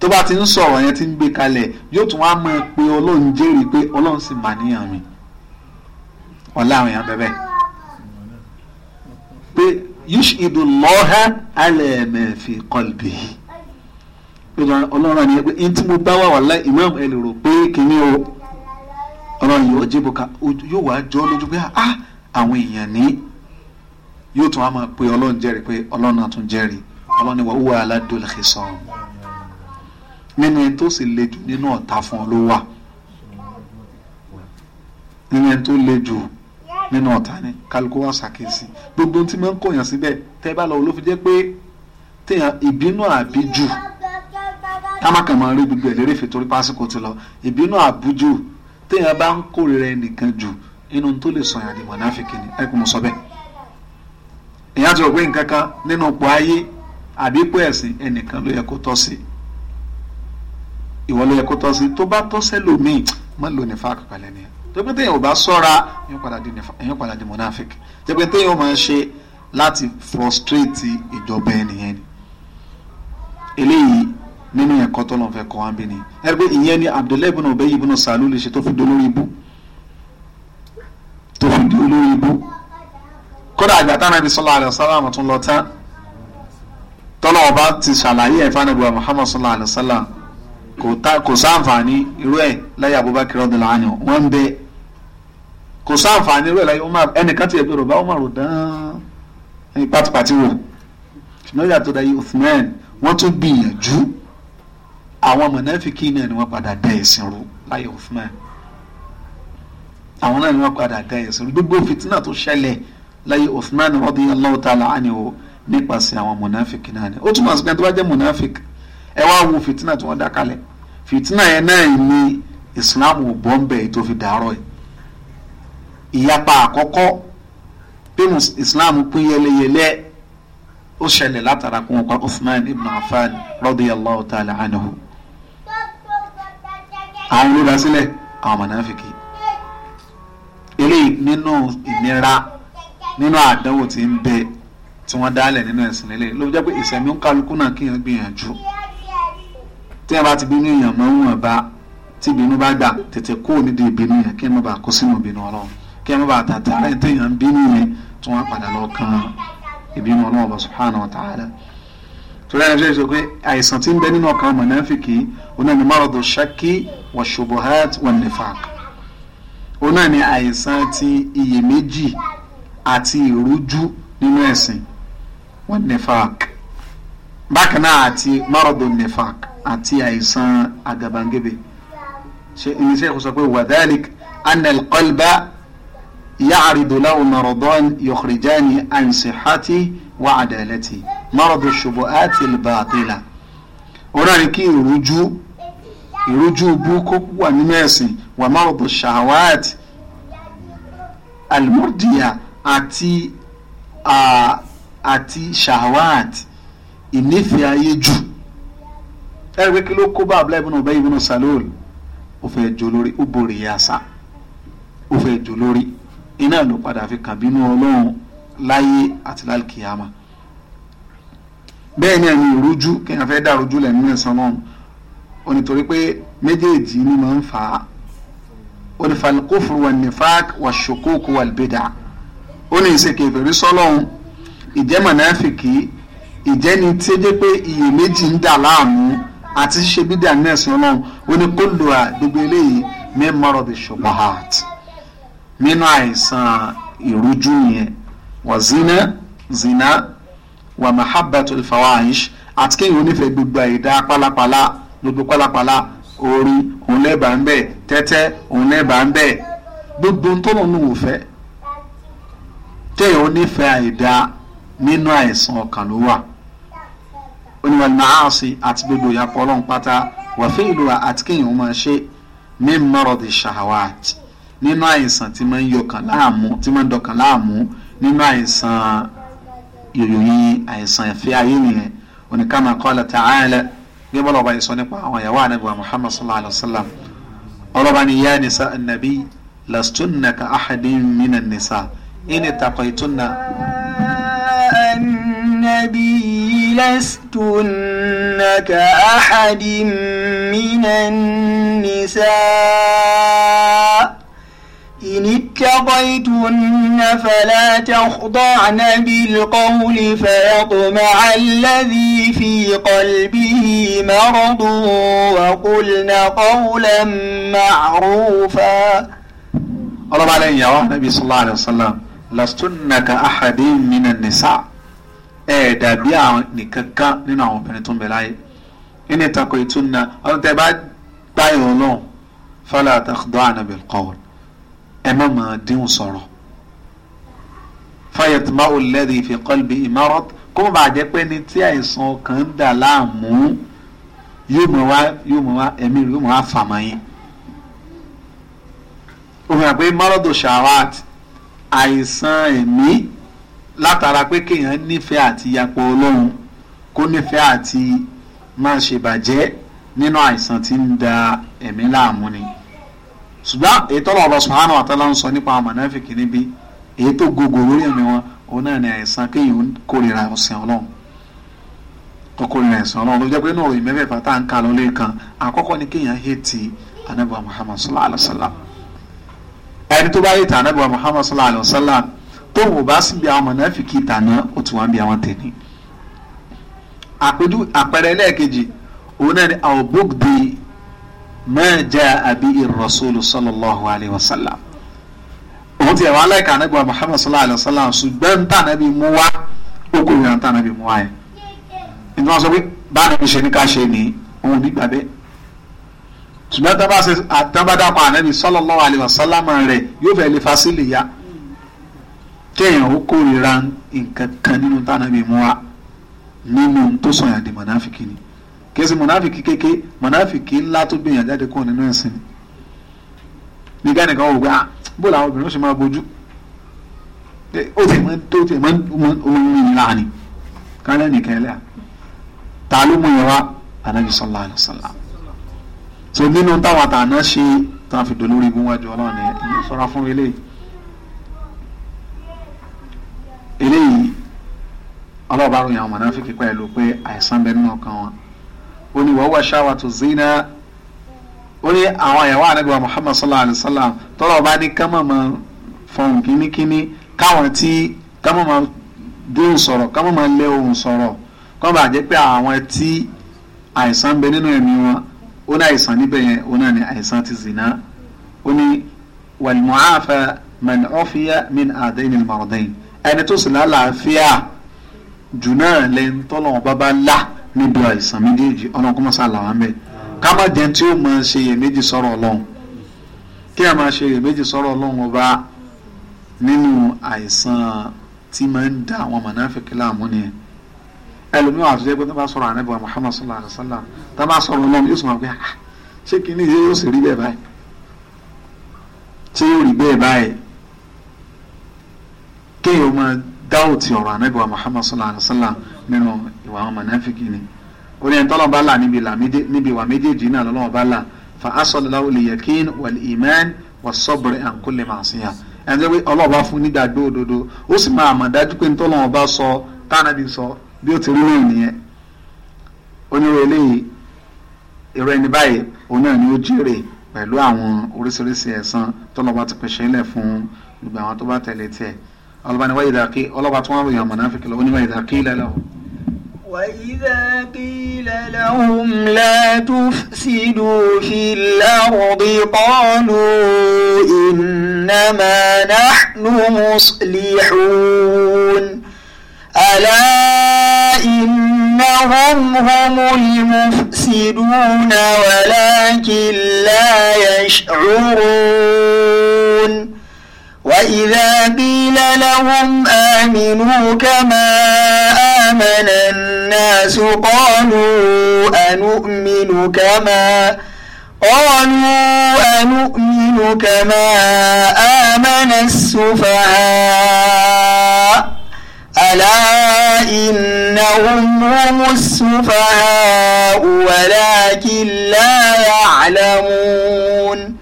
tó bá ti ń sọ̀rọ̀ yẹn ti ń gbé kalẹ̀ yóò tún wá mọ̀ ẹ́ pé ọlọ́run jẹ́rìí pé ọlọ́run sì mà níyàn mi ọ̀la àwọn èèyàn bẹ́ẹ̀ pé yushhidu Allaha ala ma fi qalbi yìí ọlọ́run àníyẹ pé ní tí mo bá wà wàhálà ìmáàmù ẹ rò pé kìíní o ọlọ́run yóò jí buka yóò wá jọ lójú pé ah, ah àwọn èèyàn ní yóò tún á máa pe ọlọ́run jẹ́rìí pé ọlọ́run náà tún jẹ́rìí ọlọ́run ni wà wúwo aládùn lè sọ nínú ẹni tó sì le jù nínú ọ̀tá fún ọ ló wà nínú ẹni tó le jù nínú ọ̀tá ni kálukú wà ṣàkíyèsí gbogbo ohun tí máa ń kọ̀yàn síbẹ̀ tẹ́ bá lọ ló fi jẹ́ pé téèyàn ìbínú àbíjù ká má kàn máa rí gbogbo ẹ̀ lérè fètò orí pásíkò ti lọ ìbínú àbújù téèyàn bá ń kórìíra ẹnìkan jù inú tó lè sọ yàn di mọ̀náfíkì ni ẹ kò mọ̀ sọ bẹ́ẹ̀. èèyàn ti rò pé nǹkan kan nínú ipò ayé àdínkù ẹ̀sìn ẹnìkan ló yẹ kó tọ́ sí ìwọ ló yẹ kó tọ́ sí tó bá tọ́ sẹ́lòmíì má lò ní fáàkì nìyẹn tó téèyàn ò bá sọ́ra èèyàn padà di mọ̀náfíkì tó téèyàn ò máa ṣe láti frustrate ìjọba ẹnìyẹn eléyìí nínú yẹn kọ́tọ́ lọ́n fẹ́ kọ́ wá bí ni ẹ̀rí pé ìyẹn ni Abdullahi ibn Ubay ibn Salul lè ṣe tó fi di olórí ibú tó fi di olórí ibú kódà àgbàtà Nabi sallallahu alaihi wasallam tún lọ tán tọ́lọ́ ọba ti ṣàlàyé ẹ̀fà nàbíwá Muhammad sallallahu alaihi wasallam kò sáǹfààní irú ẹ̀ láyé Abubakar radhiyallahu anhu wọ́n ń bẹ kò sáǹfààní irú ẹ̀ láyé Umar ẹnìkan ti ẹ̀bí rọ̀bá Umar dán ẹni pátipátí wò ṣùgbọ́n àwọn mọ̀nàfíkì náà ni wọ́n padà dá ẹ̀sìn rú láyé Uthman àwọn náà ni wọ́n padà dá ẹ̀sìn rú gbogbo fìtínà tó ṣẹlẹ̀ láyé Uthman radiyallahu ta'ala anhu nípasẹ̀ àwọn mọ̀nàfíkì náà ni ó túmọ̀ sí pé tó bá jẹ́ mọ̀nàfíkì ẹ wá wo fìtínà tí wọ́n dá kalẹ̀ fìtínà yẹn náà ni Islam ò bọ́ ń bẹ̀ tó fi dàárọ̀ ẹ̀ ìyapa àkọ́kọ́ bí Islam pín yẹlẹyẹlẹ ó ṣẹlẹ̀ látara kún ọkọ̀ Uthman ibn Affan radiyallahu ta'ala anhu. àwọn olùdásílẹ̀ àwọn mọ̀nàfìkì eléyìí nínú ìnira nínú àdánwò tí ń bẹ tí wọ́n dálẹ̀ nínú ẹ̀sìn lélẹ̀ ló jẹ́ pé ìsẹ̀mí ń kálukú náà kéèyàn gbìyànjú tí ẹ bá ti bínú èèyàn mọ́ wọn bá tí ìbínú bá gbà tètè kó nídìí ìbínú yẹn kí ẹ má kó sínú ìbínú ọlọ́run kí kan ìbínú torí ẹni ṣe sọ pé àìsàn tí ń bẹ nínú ọkàn mọ̀nàfìkì òun náà ni márùdù ṣákì wàṣubuhat wànífàk òun náà ni àìsàn ti iyèméjì àti ìrújú nínú ẹ̀sìn wànífàk bákan náà àti márùdù nífàk àti àìsàn àgàbàǹgebè ṣe ẹni ṣe sọ pé wàdálík anna alqalba ya'ridu lahu maradan yukhrijani an sihhatihi. وعدالته مرض الشبهات الباطلة ọ̀ràn kí ìrújú ìrújú búkú wà nínú ẹ̀sìn wà أتي shahawat almurdiya àti يجو shahawat ìnífẹ̀ẹ́ ayé jù ẹ̀rí pé kí ló kó bá abúlé ibùnú ọba ibùnú salol ó fẹ́ jò lórí ó borí yasa ó fẹ́ jò lórí iná ló padà fi kàbínú ọlọ́run láyé àti lálùkìyàmà bẹ́ẹ̀ ni ẹ̀mí ìrújú kéèyàn fẹ́ dàrújú lẹ́mí ẹ̀sán náà ó nítorí pé méjèèjì ni máa ń fà á ó ní falikófuru wà nífàk wà ṣokóòkò wà lùbẹ́dà ó ní ìṣe kèfèrí sọ́lọ́hún ìjẹ́ mọ̀nàfìkì ìjẹ́ni tí ó jẹ́ pé iyèméjì ń dà láàmú àti ṣíṣe bídà ní ẹ̀sìn ọlọ́run ó ní kó lo àgbègbè eléyìí mẹ́mọ́rọ̀ bí ṣubahat nínú àìsàn ìrújú nìyẹn wazina zina wa mahabbatul fawahish àti kéèyàn onífẹ̀ẹ́ gbogbo àyèdá pálapàla gbogbo pálapàla orí òun lẹ́bà ń bẹ̀ tẹ́tẹ́ òun lẹ́bà ń bẹ̀ gbogbo tó lọ nù òfẹ́ kéèyàn onífẹ̀ẹ́ àyèdá nínú àìsàn ọkàn ló wà oníwà nàásì àti gbogbo ìyàpọ̀ ọlọ́run pátá wà fẹ́ ìlú wa àti kéèyàn máa ṣe mí mọ́rọ̀dì ṣàwàtì nínú àìsàn ìròyìn àìsàn ìfẹ́ ayé nìyẹn oníkàmà qala ta'ala bí wọ́n lọ́ba ìsọ nípa àwọn ìyàwó ànábì wa muhammad sallallahu alayhi wa sallam ọlọ́ba ni yá nisa nàbí lastunna ka ahadin minan nisa in taqaytunna. النبي لستن كأحد من النساء فإن اتقيتن فلا تخضعن بالقول فيطمع الذي في قلبه مرض وقلن قولا معروفا الله عليه يا نبي صلى الله عليه وسلم لستنك أحد من النساء ẹ dàbí àwọn nìkankan nínú àwọn obìnrin tó ń bẹ láyé ẹni ìtàkùn ìtúnná ọdún tẹ bá fọlá ẹ má máa díhùn sọ̀rọ̀ fayetma olẹ́dì fi qalbi imarot kó má bàa jẹ́ pé ní tí àìsàn ọkàn ń dà láàmú yóò mọ̀ wá yóò mọ̀ wá ẹ̀mí rẹ̀ yóò mọ̀ wá fàmọ́ yín. òfin àpé marado shawat àìsàn ẹ̀mí látara pé kéèyàn nífẹ̀ẹ́ àti yapọ̀ ọlọ́run kó nífẹ̀ẹ́ àti máa ṣèbàjẹ́ nínú àìsàn tí ń da ẹ̀mí láàmú ni. ṣùgbọ́n ètò ọlọ́ọ̀lọ́ sùhánù àtàlà ń sọ nípa àwọn mọ̀nàfíkì níbi èyí gbogbo lórí ẹ̀mí wọn òun náà ni àìsàn kéèyàn kórìíra ọ̀sìn ọlọ́run tó kórìíra ẹ̀sìn ọlọ́run ló jẹ́ pé náà òyìn mẹ́fẹ̀ẹ́fà tá à ń lọ lẹ́ẹ̀kan àkọ́kọ́ ni kéèyàn anábọ̀ Muhammad sallallahu alayhi wa sallam ẹni tó bá anábọ̀ Muhammad sallallahu alayhi wa sallam tó bá sí bí àwọn ma jaa bihi rasulu sallallahu alayhi wa sallam òun ti ẹ̀ wá lẹ́ka nígbà muhammad sallallahu alayhi wa sallam ṣùgbọ́n tá nàbí mú wá ó kò yàn tá nàbí mú wá yẹn nígbà wọn sọ pé báyìí ní ṣe ní ká ṣe ní òun ní gbàgbé ṣùgbọ́n tá bá ṣe àtàbádàpọ̀ ànábì sallallahu alayhi wa sallam rẹ̀ yóò fẹ́ lè fasílì ya kéèyàn ó kórìíra nǹkan kan nínú tá nàbí mú wá nínú tó sọ̀yàn dìmọ̀ náà fi kí kìí ṣe mọ̀nàfìkì kéke mọ̀nàfìkì ńlá tó gbìyànjú jáde kúrò nínú ẹ̀sìn ni nígbà nìkan wò pé ah bó làwọn obìnrin ó ṣe máa bójú ó ti máa tó ti máa ohun ńlá ni kálẹ̀ nìkan ẹlẹ́à ta ló mú yẹn wá anabi sallallahu alaihi wasallam so nínú táwọn àtàná ṣe tá a fi dolórí igun wájú ọlọ́run ẹ̀ ẹ̀ sọ́ra fún eléyìí eléyìí ọlọ́ọ̀bá ròyìn àwọn mọ̀nàfìkì pẹ̀lú pé àìsàn bẹ́ẹ̀ nínú ọkàn wọn ó ní wọ́n wá ṣáwàtú zina ó ní àwọn àyàwó ànágbà muhammad sallallahu alayhi wa sallam tọ́lọ̀ bá ní ká mọ̀mọ́ fọhùn kínníkínní káwọn tí ká mọ̀mọ́ dóhùn sọ̀rọ̀ ká mọ̀mọ́ lé ohùn sọ̀rọ̀ kọ́ bá jẹ́ pé àwọn tí àìsàn ń bẹ nínú ẹ̀mí wọn ó ní àìsàn níbẹ̀ yẹn ó náà ní àìsàn ti zina ó ní wàlmùhàfà mẹ́nìọ́fìyà min àdéhìn mọ̀rọ̀dẹ́yìn ẹni tó sì lálàáfíà jù náà lẹ́ńtọ́lọ́wọ́n bá bá lá níbi àìsàn méjèèjì ọlọ́run kó má sá làwọn mẹ́ ká má jẹun tí ó máa ṣe iyèméjì sọ̀rọ̀ ọlọ́run kí a máa ṣe iyèméjì sọ̀rọ̀ ọlọ́run ọba nínú àìsàn tí máa ń da àwọn mọ̀nàfẹ́kẹ́ láàmú nìyẹn ẹlòmíràn àti jẹ́ pé tó bá sọ̀rọ̀ ànábì wa Muhammad sallallahu alayhi wa sallam tó bá sọ̀rọ̀ ọlọ́run yóò sọ wọn pé ṣé kí ni yóò sì rí bẹ́ẹ̀ báyìí ṣé yóò rí bẹ́ẹ̀ báyìí kéèyàn máa dáhùn ti ọ̀rọ̀ ànábì wa Muhammad sallallahu alayhi wa nínú ìwà àwọn mọ̀nàfíkì ni orí ẹni tọ́lọ́ bá là níbi ìwà méjèèjì náà lọ́lọ́wọ́ bá là fa asọ̀lẹ̀ láwọn lè yẹ kín wal iman wà sọ́bìrì à ń kó lè máa sìn yà ẹni tó pé Ọlọ́run bá fún nígbàgbọ́ òdodo ó sì máa mọ̀ dájú pé ntọ́lọ́wọ́ bá sọ tánàbí sọ bí ó ti rí lóyún nìyẹn onírò eléyìí irú ẹni báyìí òun náà ni ó jèrè pẹ̀lú àwọn oríṣiríṣi ẹ̀san tọ́lọ́ba ti pèsè ilẹ̀ fún gbogbo àwọn tó bá tẹ̀lé tiẹ̀ ọlọ́ba ni wáyé dàkí ọlọ́ba tó wà wọ̀nyàn mọ̀nàfíkì lọ́wọ́ ni wáyé dàkí ilẹ̀ وإذا قيل لهم لا تفسدوا في الأرض قالوا إنما نحن مصلحون ألا إنهم هم المفسدون ولكن لا يشعرون وإذا قيل لهم آمنوا كما آمن الناس الناس قالوا أنؤمن كما قالوا أنؤمن كما آمن السفهاء ألا إنهم هم السفهاء ولكن لا يعلمون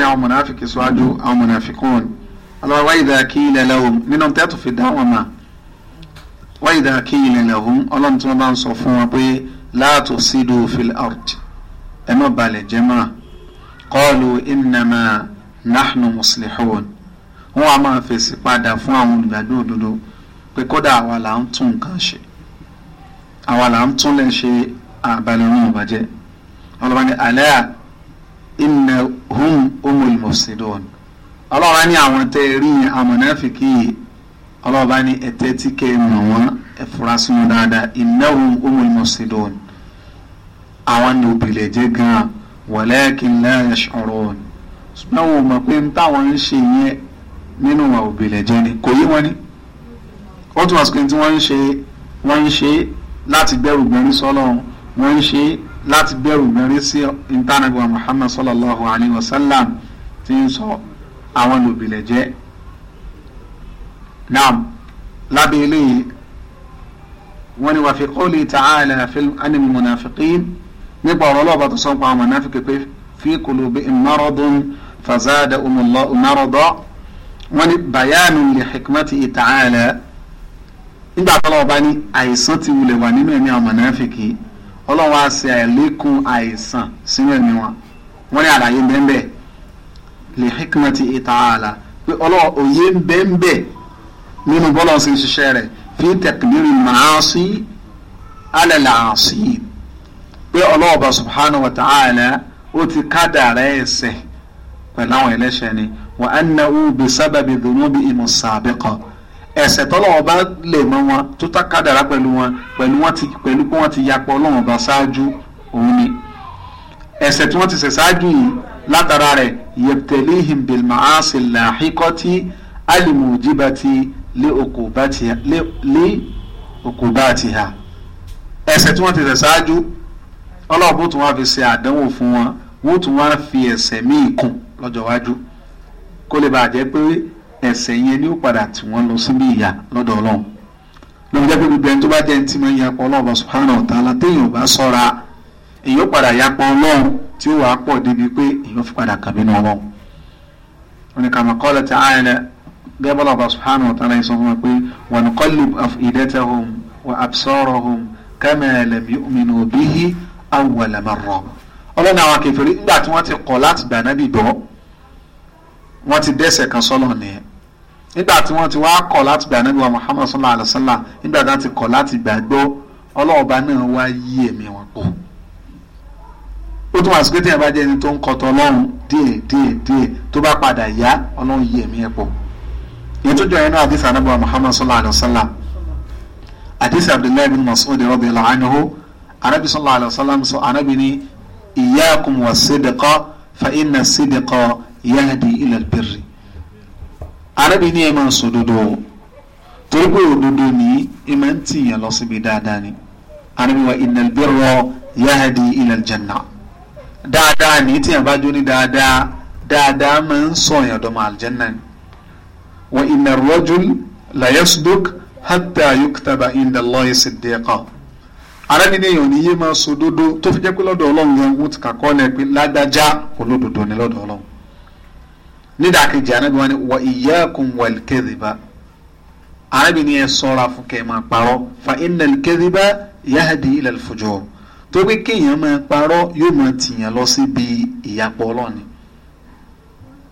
يا منافق سواجو أو منافقون الله وإذا كيل لهم منهم تأتوا في الدعوة ما wa idha qila lahum ọlọ́run tí wọ́n bá ń sọ fún wọn pé la tusidu fil ard ẹ má balẹ̀ jẹ́ mọ́ qalu innama nahnu muslihun wọn a máa fèsì padà fún àwọn olùgbàdo òdodo pé kódà àwa là ń tún nǹkan ṣe àwa là ń tún lè ṣe àbálẹ̀ ohun ìbàjẹ́ ọlọ́run ní alẹ́ à inna hum umul mufsidun ọlọ́run ní àwọn tẹ́ rí àmọ̀náfíkì yìí ọlọ́ọ̀bá ní ẹ̀tẹ́ tí kẹ́ ẹ mọ̀ wọ́n ẹ fura sí wọn dáadáa innahum humul mufsidun àwọn ní òbílẹ̀ jẹ́ gan-an walakin la yash'urun ṣùgbọ́n wọn mọ̀ pé táwọn ń ṣe yẹn nínú wọn òbílẹ̀ jẹ́ ni kò yé wọn ni ó tún wá sí pé tí wọ́n ń ṣe wọ́n ń ṣe láti bẹ̀rù gbẹ̀rí sọ́lọ́run wọ́n ń ṣe láti bẹ̀rù gbẹ̀rí sí intanagba Muhammad sallallahu alayhi wa sallam ti ń sọ àwọn lòbìlẹ̀ jẹ́ naam lábẹ́ eléyìí wọ́n ní wà fi qawli ta'ala anil munafiqin nípa ọ̀rọ̀ ọlọ́ọ̀bá tó sọ́n pa àwọn mọ̀nàfíkì pé fi qulubihim maradun fazadahumullahu marada wọ́n ní bayanun li hikmatihi ta'ala nígbà tó lọ́wọ́ bá ní àìsàn ti wulẹ̀ wà nínú ẹ̀mí àwọn mọ̀nàfíkì ọlọ́run á ṣe àìsàn sínú ẹ̀mí wọn wọ́n ní nínú bọ́lá ṣe ṣiṣẹ́ rẹ̀ fi tẹ̀kìlérì màá sí alẹ́lẹ́ àṣì pé ọlọ́ọ̀bà subhanahu wa ta'ala ó ti kádàrá ẹ̀ṣẹ̀ pẹ̀lú àwọn ẹlẹ́ṣẹ̀ ni wa annahu bi sábàbí dhunubi ìmùsàbẹ́kọ̀ ẹ̀ṣẹ̀ tọ́lọ́wọ́ bá lè mọ wọn tó tá kádàrá pẹ̀lú wọn pẹ̀lú pé wọ́n ti yapọ̀ ọlọ́wọ́n bá ṣáájú òun ni ẹ̀ṣẹ̀ tí wọ́n ti ṣẹ̀ ṣáájú yìí látara rẹ̀ yẹ̀tẹ̀lẹ́hìn bilmaasi làhíkọ́tì alimujibati lé okùnbáàtìhà ẹ̀ṣẹ̀ tí wọ́n ti ṣẹ̀ ṣáájú ọlọ́run bó tún wá fi ṣe àdánwò fún wọn wọ́n tún wá fi ẹ̀ṣẹ̀ míì kún lọ́jọ́ iwájú kó lè bàa jẹ́ pé ẹ̀ṣẹ̀ yẹn ni ó padà tì wọ́n lọ síbi ìyà lọ́dọ̀ ọlọ́run lọ́wọ́ jẹ́ pé gbogbo ẹni tó bá jẹ́ ẹni tí máa ń yapọ̀ ọlọ́run subhanahu wa ta'ala téèyàn bá sọ́ra èyàn padà yapọ̀ ọlọ́run tí ó wàá pọ̀ débi pé èyàn fi padà kàbínú ọlọ́run. wọn ni kàmá qala ta'ala قبل الله سبحانه وتعالى ta'ala sọ fún wa pé wa nuqallib afidatahum wa absarahum kama lam yu'minu bihi awwala marra ọlọ́ni àwọn akẹfẹ́rí nígbà tí wọ́n ti kọ̀ láti gbà nábì gbọ́ wọ́n ti dẹ́sẹ̀ kan sọ́lọ̀ nìyẹn nígbà tí wọ́n ti wá kọ̀ láti gbà wa muhammad sallallahu alayhi wa sallam nígbà tí wọ́n ti kọ̀ láti gbàgbọ́ ọlọ́ọ̀ba náà wá yí ẹ̀mí wọn pọ̀ ó tún wá sí pé tí yẹn bá jẹ́ ẹni tó ń kọ́tọ̀ ọlọ́run díẹ̀ díẹ̀ díẹ̀ tó bá padà yá ọlọ́run yí ẹ̀mí ẹ̀ pọ̀ ètò ìjọ yẹn náà àdìsí anábọ̀ muhammad sallallahu alayhi wa sallam àdìsí abdullahi bin mas'ud radiyallahu anhu anábì sallallahu alayhi wa sallam sọ anábì ní iyyakum wa sidqa fa inna sidqa yahdi ila albirri anábì ní ẹ̀ máa ń sọ dodo torí pé òdodo ní ẹ̀ máa ń tìyàn lọ síbi dáadáa ni anábì wa inna albirra yahdi ila aljanna dáadáa ní tìyàn bá jó dáadáa dáadáa máa ń sọ ìyàdọ́mọ aljanna ni wa inna ar-rajul la yasduk hatta yuktaba inda Allahi siddiqa arábìnrin èèyàn ní yé máa sọ dodo tó fi jẹ́ pé lọ́dọ̀ ọlọ́run gan wọ́n ti kàkọ́ lẹ pé ládàjá olódodo ni lọ́dọ̀ ọlọ́run nídàkejì anábì wọn ni wa iyyakum wal kadhiba arábìnrin yẹn sọ́ra fún kẹ́ ẹ máa parọ́ fa innal kadhiba yahdi ilal fujur tó pé kéèyàn máa parọ́ yóò máa tìyàn lọ síbi ìyapọ̀ ọlọ́run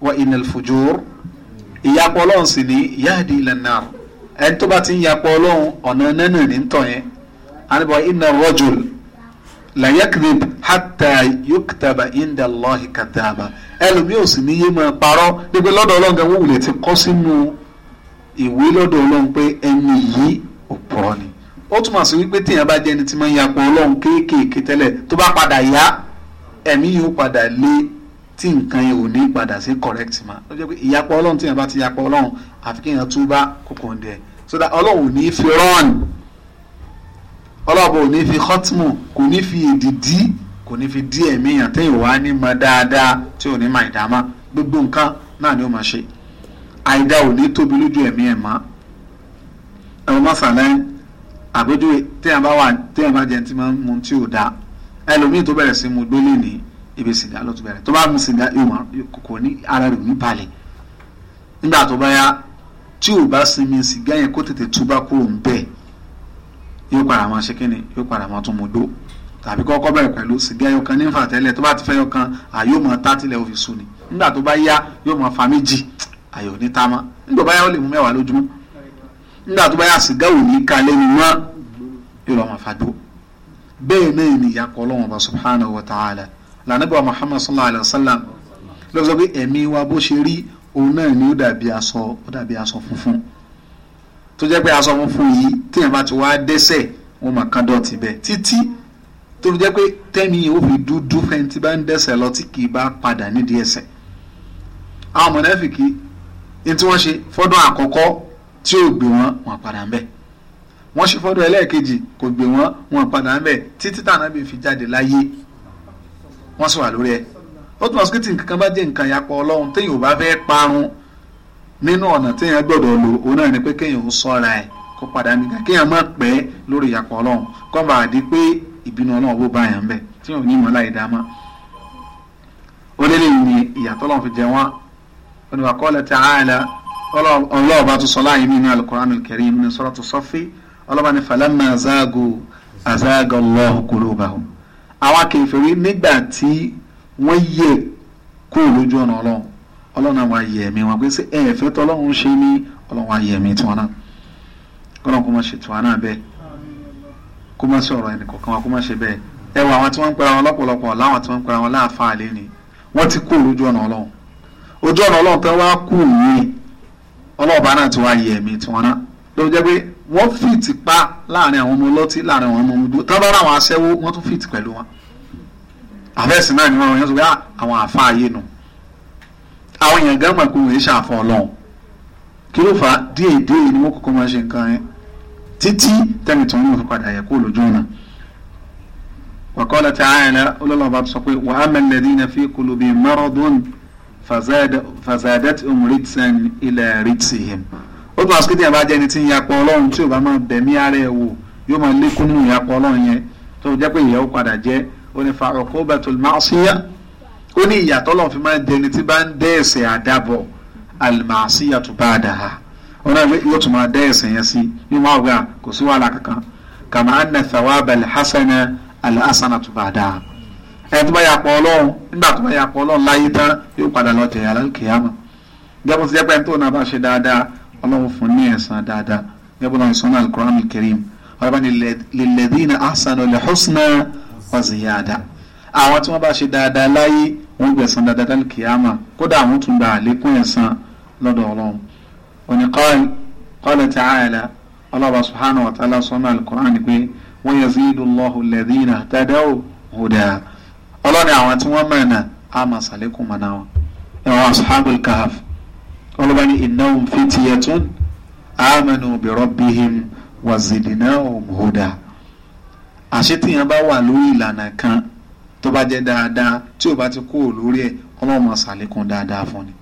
wa innal fujur. ìyapọ̀ ọlọ́run sì ní yáàdì ìlànà ẹni tó bá ti ń yapọ̀ ọlọ́run ọ̀nà nẹ́nà ní tọ̀ yẹn àníbọ̀ iná rọ́jòl làyẹ́kìdìb hàtà yókìtàbà ìndà lọ́ọ̀hì kàtàbà ẹlòmíì ò sì ní yé máa parọ́ gbígbé lọ́dọ̀ ọlọ́run gan wọ́n wulẹ̀ ti kọ́ sínú ìwé lọ́dọ̀ ọlọ́run pé ẹni yìí ẹni tí máa ń yapọ̀ ọlọ́run kéékèèké tẹ́lẹ̀ tó bá tí nǹkan yẹn ò ní padà sí correct ma ló jẹ́ pé ìyapọ̀ ọlọ́run tí yẹn bá ti yapọ̀ ọlọ́run àfi kí yẹn túbá kòkòrò dẹ̀ so that ọlọ́run ò ní fi rọ́ọ̀nù ọlọ́ọ̀bọ ò ní fi hotmu kò ní fi èdìdí kò ní fi dí ẹ̀mí yàn téèyàn wá ní mọ dáadáa tí ò ní máa ìdámá gbogbo nǹkan náà ni ó máa ṣe àìdá ò ní tóbi lójú ẹ̀mí ẹ̀ má ẹ̀rọ mọ́sálẹ́ àpéjúwe téèyàn bá wà téèyàn bá jẹun tí máa ń mu tí ò dáa ẹlòmíì tó bẹ̀rẹ̀ sí mu gbólé nìí ibi sìgá ló ti bẹ̀rẹ̀ tó bá mu sìgá kò ní ara rẹ̀ ní balẹ̀ nígbà tó bá yá tí ò bá sinmi sìgá yẹn kó tètè túbá kúrò ń bẹ̀ yóò padà máa ṣe kíni yóò padà máa tún mu gbó tàbí kọ́kọ́ bẹ̀rẹ̀ pẹ̀lú sìgá ẹyọkan ní nfa tẹ́lẹ̀ tó bá ti fẹ́ ẹyọkan àyè ò máa tá tilẹ̀ òfin sùn ni nígbà tó bá yá yóò máa fa méjì àyè ní ta nígbà bá yá ó lè mú mẹ́wàá lójúmọ́ nígbà tó bá yá sìgá ò ní ka lẹ́nu yóò lọ́ máa fa gbó bẹ́ẹ̀ náà ni ìyá kọ́ ọlọ́run subhanahu wa ta'ala lànàbíwá Muhammad sallallahu alayhi wa sallam ló sọ pé ẹ̀mí wa bó ṣe rí òun náà ni ó dàbí aṣọ ó dàbí aṣọ funfun tó jẹ́ pé aṣọ funfun yìí téèyàn bá ti wá dẹ́sẹ̀ wọ́n máa kán dọ̀tí bẹ́ẹ̀ títí tó jẹ́ pé tẹ́mi yìí ó fi dúdú fẹ́ntì bá ń dẹ́sẹ̀ lọ tí kì í bá padà nídìí ẹ̀ṣẹ̀ àwọn mọ̀nẹ́fìkì ní tí wọ́n ṣe fọ́dún àkọ́kọ́ tí ò gbé wọn wọn padà ń bẹ̀ wọ́n ṣe fọ́dún ẹlẹ́ẹ̀kejì kò gbé wọn wọn padà ń bẹ̀ títí tànàbí wọ́n sì wà lórí ẹ̀ ó túmọ̀ sí kìtì nǹkan bá jẹ́ nǹkan ìyapọ̀ ọlọ́run téèyàn ò bá fẹ́ parun nínú ọ̀nà téèyàn gbọ́dọ̀ lò òun náà ni pé kéèyàn ó sọ́ra ẹ̀ kó padà nìkan kéèyàn má pẹ́ lórí ìyapọ̀ ọlọ́run kó bàa di pé ìbínú ọlọ́run bó bá yàn bẹ̀ téèyàn ò ní ìmọ̀ láì dáa mọ́ ó lé ìyàtọ̀ ọlọ́run fi jẹ wọ́n ó ní wa qala ta'ala ọlọ́run bá tún sọ láàyè nínú àwọn kèfèrí nígbà tí wọ́n yẹ kó lójú ọ̀nà ọlọ́run ọlọ́run àwọn ayé mi wọn pé ṣé ẹ̀ẹ́fẹ́ ṣe ní ọlọ́run ayé ẹ̀mí tiwọn náà kó má ṣe tiwọn náà bẹ́ẹ̀ kó má ṣe ọ̀rọ̀ kó má ṣe bẹ́ẹ̀ ẹ wọ àwọn tí wọ́n ń pera wọn lọ́pọ̀lọpọ̀ láwọn ojú ọ̀nà ọlọ́run wá kú yìí ọlọ́ọ̀bá náà ti wá wọ́n fìtì pa láàrin àwọn ọmọ ọlọ́tí láàrin àwọn ọmọ ọmọdé tí wọ́n bá ráwọn aṣẹ́wó wọ́n tún fìtì pẹ̀lú wọn àfẹ́sì náà ni wọ́n yẹn sọ pé ah, àwọn àfa ayé nu àwọn èèyàn gán mọ̀ pé wọ́n yẹn ṣàfọ̀ ọlọ́run kí ló fà á díẹ̀ díẹ̀ ni wọ́n kọ́kọ́ máa ṣe nǹkan yẹn títí tẹ́mi tó ń mú ìfipádà yẹ kó lójú ọ̀nà wàkọ́lá tí a yẹn lẹ ọlọ́lọ́ba sọ pé wàá ó tún àsìkò téèyàn bá jẹ́ ẹni tí ń yapọ̀ ọlọ́run tí ò bá máa bẹ̀mí ara ẹ̀ wò yóò máa lékún nínú ìyapọ̀ ọlọ́run yẹn tó jẹ́ pé ìyàwó padà jẹ́ jẹ tí bá ń dẹ́ ẹ̀ṣẹ̀ àdàbọ̀ àlùmàásíyá tó bá a dà á ó náà yóò tún máa dẹ́ ẹ̀ṣẹ̀ yẹn sí yóò máa kò sí wàhálà kankan kàmá a dà á ẹni tó bá ọlọ́run nígbà tó bá ọlọ́run láyé tán yóò padà lọ jẹ̀yà jẹ́ bó ti jẹ́ pé ẹni tó náà bá ọlọ́run fún ní ẹ̀san dáadáa gẹ́gẹ́ bọ́lá ìsọ́nà alukur'an kẹrim ọlọ́ba ni lilladhina ahsanu al-husna wa ziyada àwọn tí wọ́n bá ṣe dáadáa láyé wọ́n gbẹ̀san dáadáa lálùkìyàmà kódà àwọn tún gba àlékún ẹ̀san lọ́dọ̀ ọlọ́run òní qala ta'ala ọlọ́ba subhanahu wa ta'ala sọ́nà alukur'an pé wa yazidu Allahu alladhina ihtadaw huda ọlọ́ni àwọn tí wọ́n mẹ́rin náà á máa ṣàlékún mọ́ná wọn ẹ̀wọ̀n ashabul kahf ọlọ́ba ní innahum fityatun amanu bi rabbihim wa zidnahum huda àṣé tíyẹn bá wà lórí ìlànà kan tó bá jẹ́ dáadáa tí ò bá ti kú ò lórí ẹ̀ ọlọ́run máa ṣàlékún dáadáa fún ni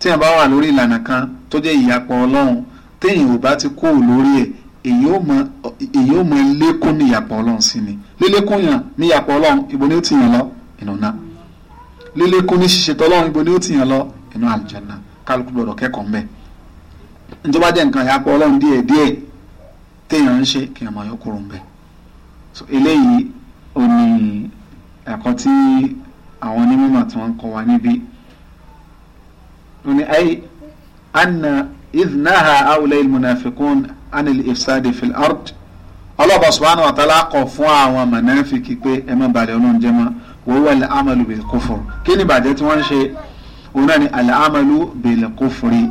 tíyẹn bá wà lórí ìlànà kan tó jẹ́ ìyapọ̀ ọlọ́run téèyàn ò bá ti kú ò lórí ẹ̀ èyí ò mọ lékún ní ìyapọ̀ ọlọ́run sí ni lílékún yàn ní ìyapọ̀ ọlọ́run ibo ni ó ti yàn lọ ìnùnà lílékún ní ṣíṣe inú àlìjẹ́nà kálukú gbọ́dọ̀ kẹ́kọ̀ọ́ mbẹ́ nítorí wájú nǹkan ìyá pọ̀ ọlọ́run díẹ̀ díẹ̀ téèyàn ń ṣe kéèyàn máa yọkúrò mbẹ́ so eléyìí ò ní ẹ̀kọ́ tí àwọn onímọ̀ tí wọ́n ń kọ́ wa níbí ní ayé anna idnaha awulẹ̀ ilmunafikun anil ifsadi fil ard ọlọ́ba subhanahu wa ta'ala kọ̀ fún àwọn mọ̀nàfíkì pé ẹ má balẹ̀ ọlọ́run jẹ́ mọ́ wọ́wọ́ lẹ́ amalu bil kí ni ìbàjẹ́ tí wọ́n ń ṣe òun náà ni al-amalu bil-kufri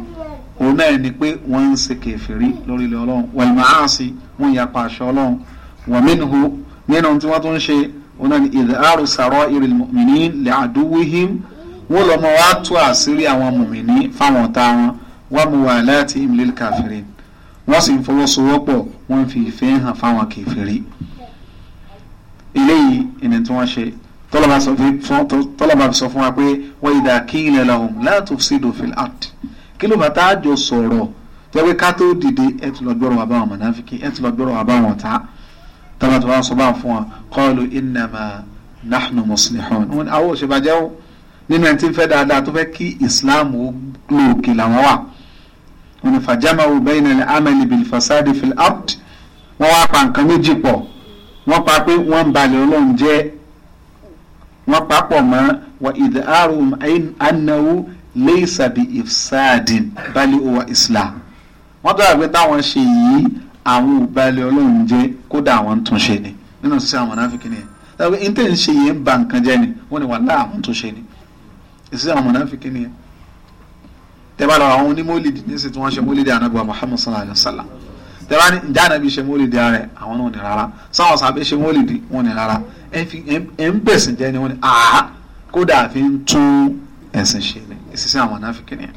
òun náà ni pé wọ́n ń ṣe kèfèrí lórílẹ̀ ọlọ́run wal-ma'asi wọ́n yapa àṣẹ ọlọ́run wa minhu nínú tí wọ́n tún ṣe òun náà ni idharu sarairil mu'minin li'aduwwihim wọ́n lọ́ mọ́ wá tú àṣírí àwọn mùmìnì fáwọn ọ̀tá wọn wa muwalatihim lil-kafirin wọ́n sì ń fọwọ́sowọ́pọ̀ wọ́n fi ìfẹ́ hàn fáwọn kèfèrí eléyìí ẹni tọ́lọ́mà sọ fún wa pé wọ́n ìdá kílẹ̀ lọ́hùn láti ṣèdò fìlà àt kí ló bá tá a jọ sọ̀rọ̀ tẹ́wé ká tó dìde ẹ̀ tún lọ gbọ́rọ̀ wà báwọn mọ̀nàfíkì ẹ̀ tún lọ gbọ́rọ̀ wà báwọn ta tọ́lá tó wá sọ báwọn fún wa kọ́ọ̀lù ìnàmà nahnu muslihun wọn àwọn òṣèbàjẹ́ o nínú ẹni tí ń fẹ́ dáadáa tó fẹ́ kí islam lòkè làwọn wà wọn ni wọ́n papọ̀ mọ́ wa idharum annahu laysa bi ifsadin bali huwa islam wọ́n tó àgbẹ̀ táwọn ṣe yìí àwọn ò balẹ̀ ọlọ́run jẹ́ kódà àwọn ń túnṣe ni nínú sísẹ àwọn mọ̀nàfíkì ni tàbí n tẹ̀ ń ṣe yìí ń ba nǹkan jẹ́ ni wọ́n ní wà láà àwọn túnṣe ni sísẹ àwọn mọ̀nàfíkì ni tẹ́bá lọ àwọn onímọ̀lìdì ní sètò wọn ṣe mọ̀lìdì anábọ̀ Muhammad sallallahu alayhi wa sallam tẹ́bá ní ìjà ẹ ń bẹ̀sìn jẹ́ ni wọ́n ní àá kódà àfi ń tún ẹ̀sìn ṣe ni ìṣiṣẹ àwọn anáfikì ni.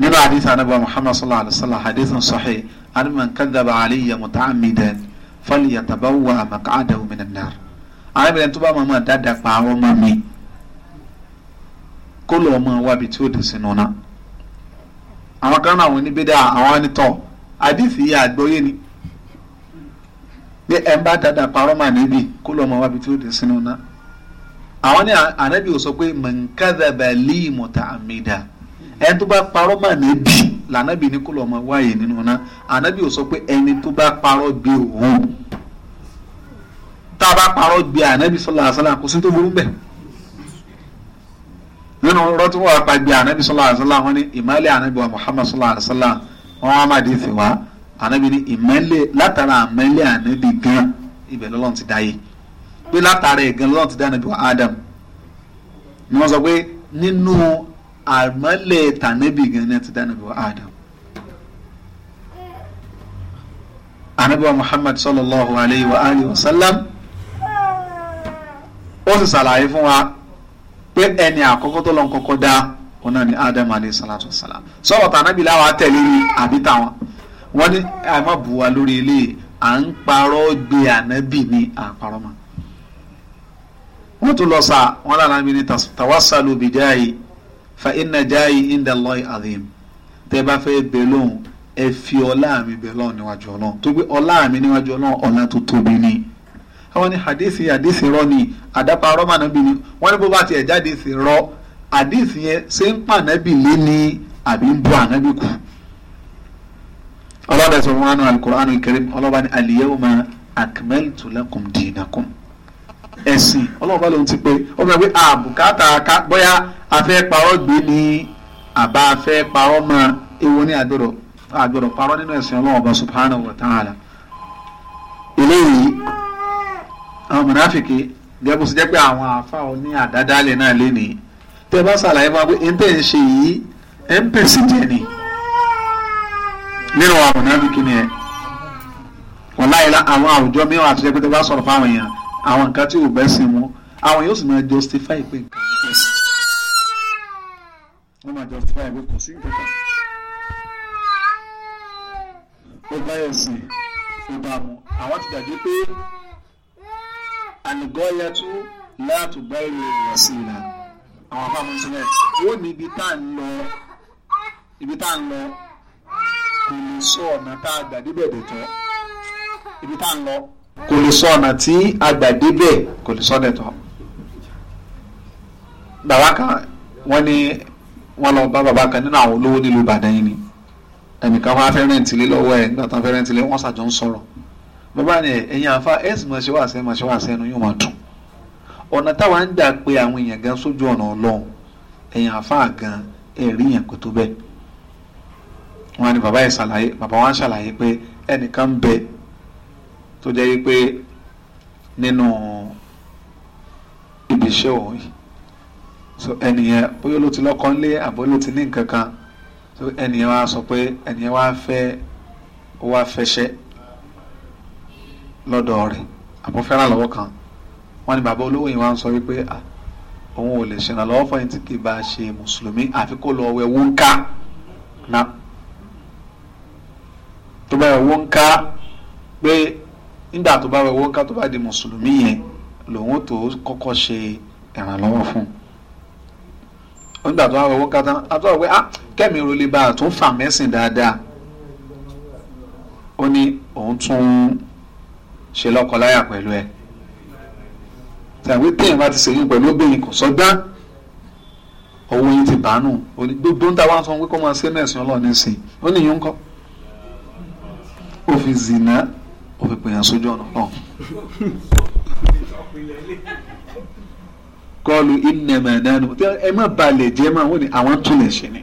nínú hadith anabi muhammad sallallahu alaihi wa sallam hadith sahih aliman kadaba aliya mutaamidan falyatabawa maq'adahu minan nar. arábìnrin tó bá máa máa dáadáa pa àwọn ọmọ mi kó lọ́ọ́ máa wábi tí ó dé sínú náà. àwọn kan náà àwọn oníbẹ̀dẹ̀ àwọn anitọ́ hadith yìí àgbọ́yé ni pé ẹ bá dada parọ́ mà níbi kó lọ́ọ́ mọ wábi tí ó dé sínú ná àwọn ní ànábì ò sọ pé mọ̀nkádàbà lè mọ̀tà àmìdá ẹni tó bá parọ́ mà níbi lànàbì ní kó lọ́ọ́ mọ wáyé nínú ná ànábì ò sọ pé ẹni tó bá parọ́ gbé òun tá a bá parọ́ gbé ànábì sọlá àṣálà kò sí tó burú bẹ́ẹ̀ nínú rọ́tí wọn apá gbé ànábì sọlá àṣálà wọn ní ìmọ̀lẹ́ ànábì wa Muhammad sọlá àṣálà wọn á má dé fi wá ànábi ní ìmọ́lẹ̀ látara àmọ́lẹ̀ ànábi gan ibẹ̀ lọ́lọ́run ti dáyé pé látara ẹ̀ gan lọ́lọ́run ti dá ànábi wa Adam ni wọ́n sọ pé nínú àmọ́lẹ̀ tànábi gan ni ti dá ànábi wa Adam. ànábi wa Muhammad sallallahu alayhi wa alihi wa sallam ó sì ṣàlàyé fún wa pé ẹni àkọ́kọ́ tó lọ́n kọ́kọ́ dá òun ni Adam alayhi salatu wa salam sọ̀rọ̀ tànábi láwa tẹ̀lé ni àbí táwọn wọ́n ní àmọ́ bùwá lórí ilé à ń parọ́ gbé ànábì ní àparọ́ mọ́ wọ́n tún lọ sá wọn lára mi ní tawásálù bí jáì fa iná jáì inda Allahi azim tẹ́ bá fẹ́ bẹ̀ lóhùn ẹ fi ọlá mi bẹ̀ lọ́hùn níwájú ọlọ́hùn tó gbé ọlá mi níwájú ọlọ́hùn ọlá tó tóbi ni àwọn ní hadithi hadithi rọ ni àdápa rọ́mà nábì ni wọ́n ní bó bá tiẹ̀ jáde sí rọ hadithi yẹn ṣé ń pànábì lé ní àbí ń bọ́ ànábì kù ọlọ́dẹ sọ fún wánú alukur'anu karim ọlọ́ba ní aliyahuma akmaltu lakum dinakum ẹ̀sìn ọlọ́ba ló ń ti pé ó fẹ́ pé àbùkátà ká bóyá afẹ́ parọ́ gbé ní àbá afẹ́ parọ́ mọ ewu ní àgbọ̀dọ̀ àgbọ̀dọ̀ parọ́ nínú ẹ̀sìn ọlọ́ọ̀ba subhanahu wa ta'ala eléyìí àwọn mọ̀nàfìkì gẹ́gẹ́ sì jẹ́ pé àwọn àáfàá oní àdádálẹ̀ náà lé ní tẹ́ bá ṣàlàyé fún wa pé ẹ̀ ń tẹ̀ ń ṣe yìí ẹ̀ ń pèsè jẹ́ nínú àwọn mọ̀nàfíkì ni ẹ̀ wọ́n láyé àwọn àwùjọ mìíràn àti ẹgbẹ́ tó bá sọ̀rọ̀ fáwọn èèyàn àwọn nǹkan tí ò bẹ́ sí mu àwọn yóò sì máa justify pé nǹkan ló bẹ́ sí wọ́n máa justify pé kò sí nǹkan kan ó bá ẹ̀sìn ó bá mu àwọn ti dàgbé pé ànigọ́yẹtú láàtú báyìí rẹ̀ sí i náà àwọn afáàmù sílẹ̀ ó ní ibi tá à ń lọ ibi tá à ń lọ kò lè sọ ọ̀nà tá a gbà débẹ̀ dé tán ibi tá a ń lọ kò lè sọ ọ̀nà tí a gbà débẹ̀ kò lè sọ dẹ̀ tán. bàbá kan wọ́n ní wọ́n lọ bá bàbá kan nínú àwọn olówó nílùú Ìbàdàn yìí ni ẹnìkan wá fẹ́ rẹ̀ǹtì lọ́wọ́ ẹ̀ nígbà tán fẹ́ rẹ̀ǹtì wọ́n ṣàjọ ń sọ̀rọ̀ bàbá ni ẹ̀yin àfa ẹ̀ sì máa ṣe wá sẹ́nu máa ṣe wá sẹ́nu yóò máa dùn ọ̀nà táwa ń dà pé àwọn èèyàn gan sójú ọ̀nà Ọlọ́run ẹ̀yin àfa gan ẹ̀rí yẹn kò tó bẹ́ẹ̀ wọn ni bàbá yìí ṣàlàyé bàbá wọn ṣàlàyé pé ẹnìkan ń bẹ tó jẹ́ wípé nínú ibi iṣẹ́ òun yìí so ẹnìyẹn bóyá ló ti lọ́kọ nílé àbó ló ti ní nǹkan kan so ẹnìyẹn wá sọ pé ẹnìyẹn wá fẹ́ ó wá fẹsẹ̀ lọ́dọ̀ rẹ̀ àbó fẹ́ràn lọ́wọ́ kan wọn ni bàbá olówó yìí wá ń sọ wípé ah òun ò lè ṣèrànlọ́wọ́ fún ẹni tí kì í bá ṣe mùsùlùmí àfi kó lọ wẹ wúńká náà tó bá yẹ wọ́n ń ká pé nígbà tó bá yẹ wọ́n tó bá di mùsùlùmí yẹn lòun tó kọ́kọ́ ṣe ìrànlọ́wọ́ fún un nígbà tó bá yẹ wọ́n tán a tó wà pé ah kẹ́mi ro lè ba àtún fà mẹ́sìn dáadáa ó ní òun tún ṣe lọ́kọláya pẹ̀lú ẹ̀ tàbí téèyàn bá ti ṣèyí pẹ̀lú obìnrin kò sọ́gbá owó yín ti bàánù gbogbo ń ta wá sọ pé kó máa ṣe mẹ́sìn ọlọ́ọ̀ni sí i ó ní ìyún kọ́ ó fi zìnà ó fi pèyàn sójú ọ̀nà náà. kọlu ìnẹ̀mẹ̀dánù ẹ má balẹ̀ jẹ́ máa wọ́n ní àwọn túlẹ̀ ṣe ni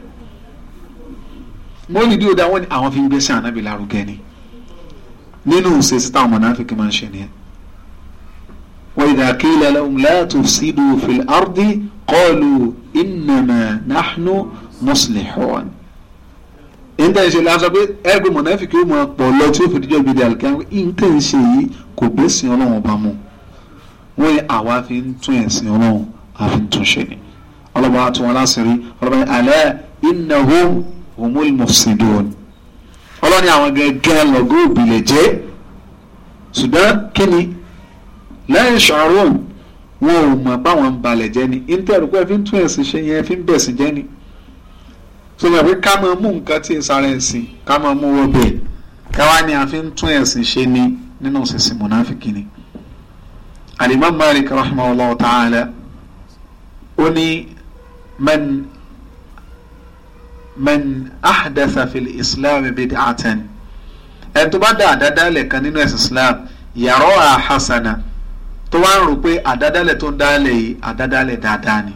mọ́lìdí òde àwọn ni àwọn fi ń gbé sí ànábì lárugẹ ni nínú ìṣesí táwọn mọ̀nàfíkì máa ń ṣe nìyẹn. وإذا قيل لهم لا تفسدوا في الأرض قالوا إنما نحن مصلحون níta ìṣe la sọ pé ẹgbẹ́ mọ̀nàfíkì ó mọ̀ pọ̀ lọ tí ó fi díjọ́ gbèdé àlùkẹ́ níta ìṣe yìí kò bẹ́sìn ọlọ́run bá mu wọ́n yẹ àwa fi ń tún ẹ̀sìn ọlọ́run àfi tún ṣe ni ọlọ́ba àti wọn láṣìírí ọlọ́ba alẹ́ ìnáwó òmùlù mọ̀sídùn ọlọ́ni àwọn gẹ́gẹ́ lọ́gọ́ òbílẹ̀ jẹ́ ṣùgbọ́n kí ni lẹ́yìn ṣàrùn wọn ò mọ̀ báwọn balẹ̀ jẹ́ ni intanet kó ẹ fi ń tún ẹ̀sìn ṣe yẹn ẹ fi ń bẹ̀sìn jẹ́ ni so wẹ̀ pé ká máa mú nǹkan tí ìsara ẹ̀sìn ká máa mú owó bẹ̀ ká wá ní àfi ń tún ẹ̀sìn ṣe ni nínú sísìn mùnáfíkì ni. Al-Imam Malik rahimahullah ta'ala ó ní man man ahdatha fil islam bid'atan ẹni tó bá dá àdádálẹ̀ kan nínú ẹ̀sìn islam yàrá àhásánà tó wá ń rò pé àdádálẹ̀ tó ń dálẹ̀ yìí àdádálẹ̀ dáadáa ni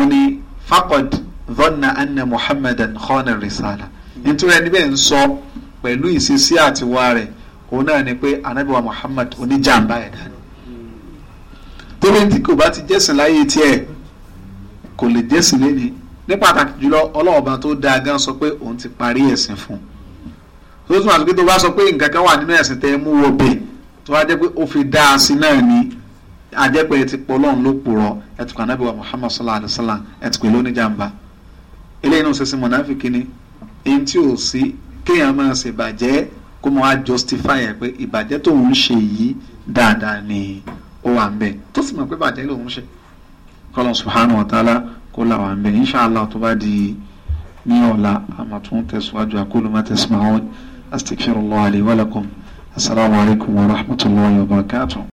ó ní faqad dhanna anna muhammadan khana risala nítorí ẹni bẹ́ẹ̀ ń sọ pẹ̀lú ìṣesí àtiwá rẹ̀ òun náà ni pé anabiwa muhammad oníjàmbá ẹ̀dá ni torí tí kò bá ti jẹ́sìn láyé tiẹ̀ kò lè jẹ́sìn lẹ́ni ní pàtàkì jùlọ ọlọ́ọ̀ba tó dáa gan sọ pé òun ti parí ẹ̀sìn fún un tó tún àti pé tó bá sọ pé nǹkan kan wà nínú ẹ̀sìn tẹ́ ẹ mú wo bè tó wá jẹ́ pé ó fi dá a sí náà ni àjẹpẹ́ ẹ ti pọ̀ lọ́run ló pòrọ̀ ẹ ti kàn nábìwá muhammad sallallahu alayhi wa sallam ẹ ti pè lónìjàmbá eléyìí náà ṣẹṣin mọ̀náfíkì ni èyí tí ò sí kéèyàn máa ṣe ìbàjẹ́ kó mọ á justify ẹ̀ pé ìbàjẹ́ tóun ń ṣe yìí dáadáa ni ó wà ń bẹ̀ tó sì mọ̀ pé ìbàjẹ́ lòun ṣe kọ́lọ̀ subhanahu wa ta'ala kó làwà ń bẹ̀ inshallah tó bá di ní ọ̀la àmọ́ tó ń tẹ̀síwájú aqulu ma tasma'un astaghfirullah li wa lakum assalamu alaikum wa rahmatullahi wa barakatuh.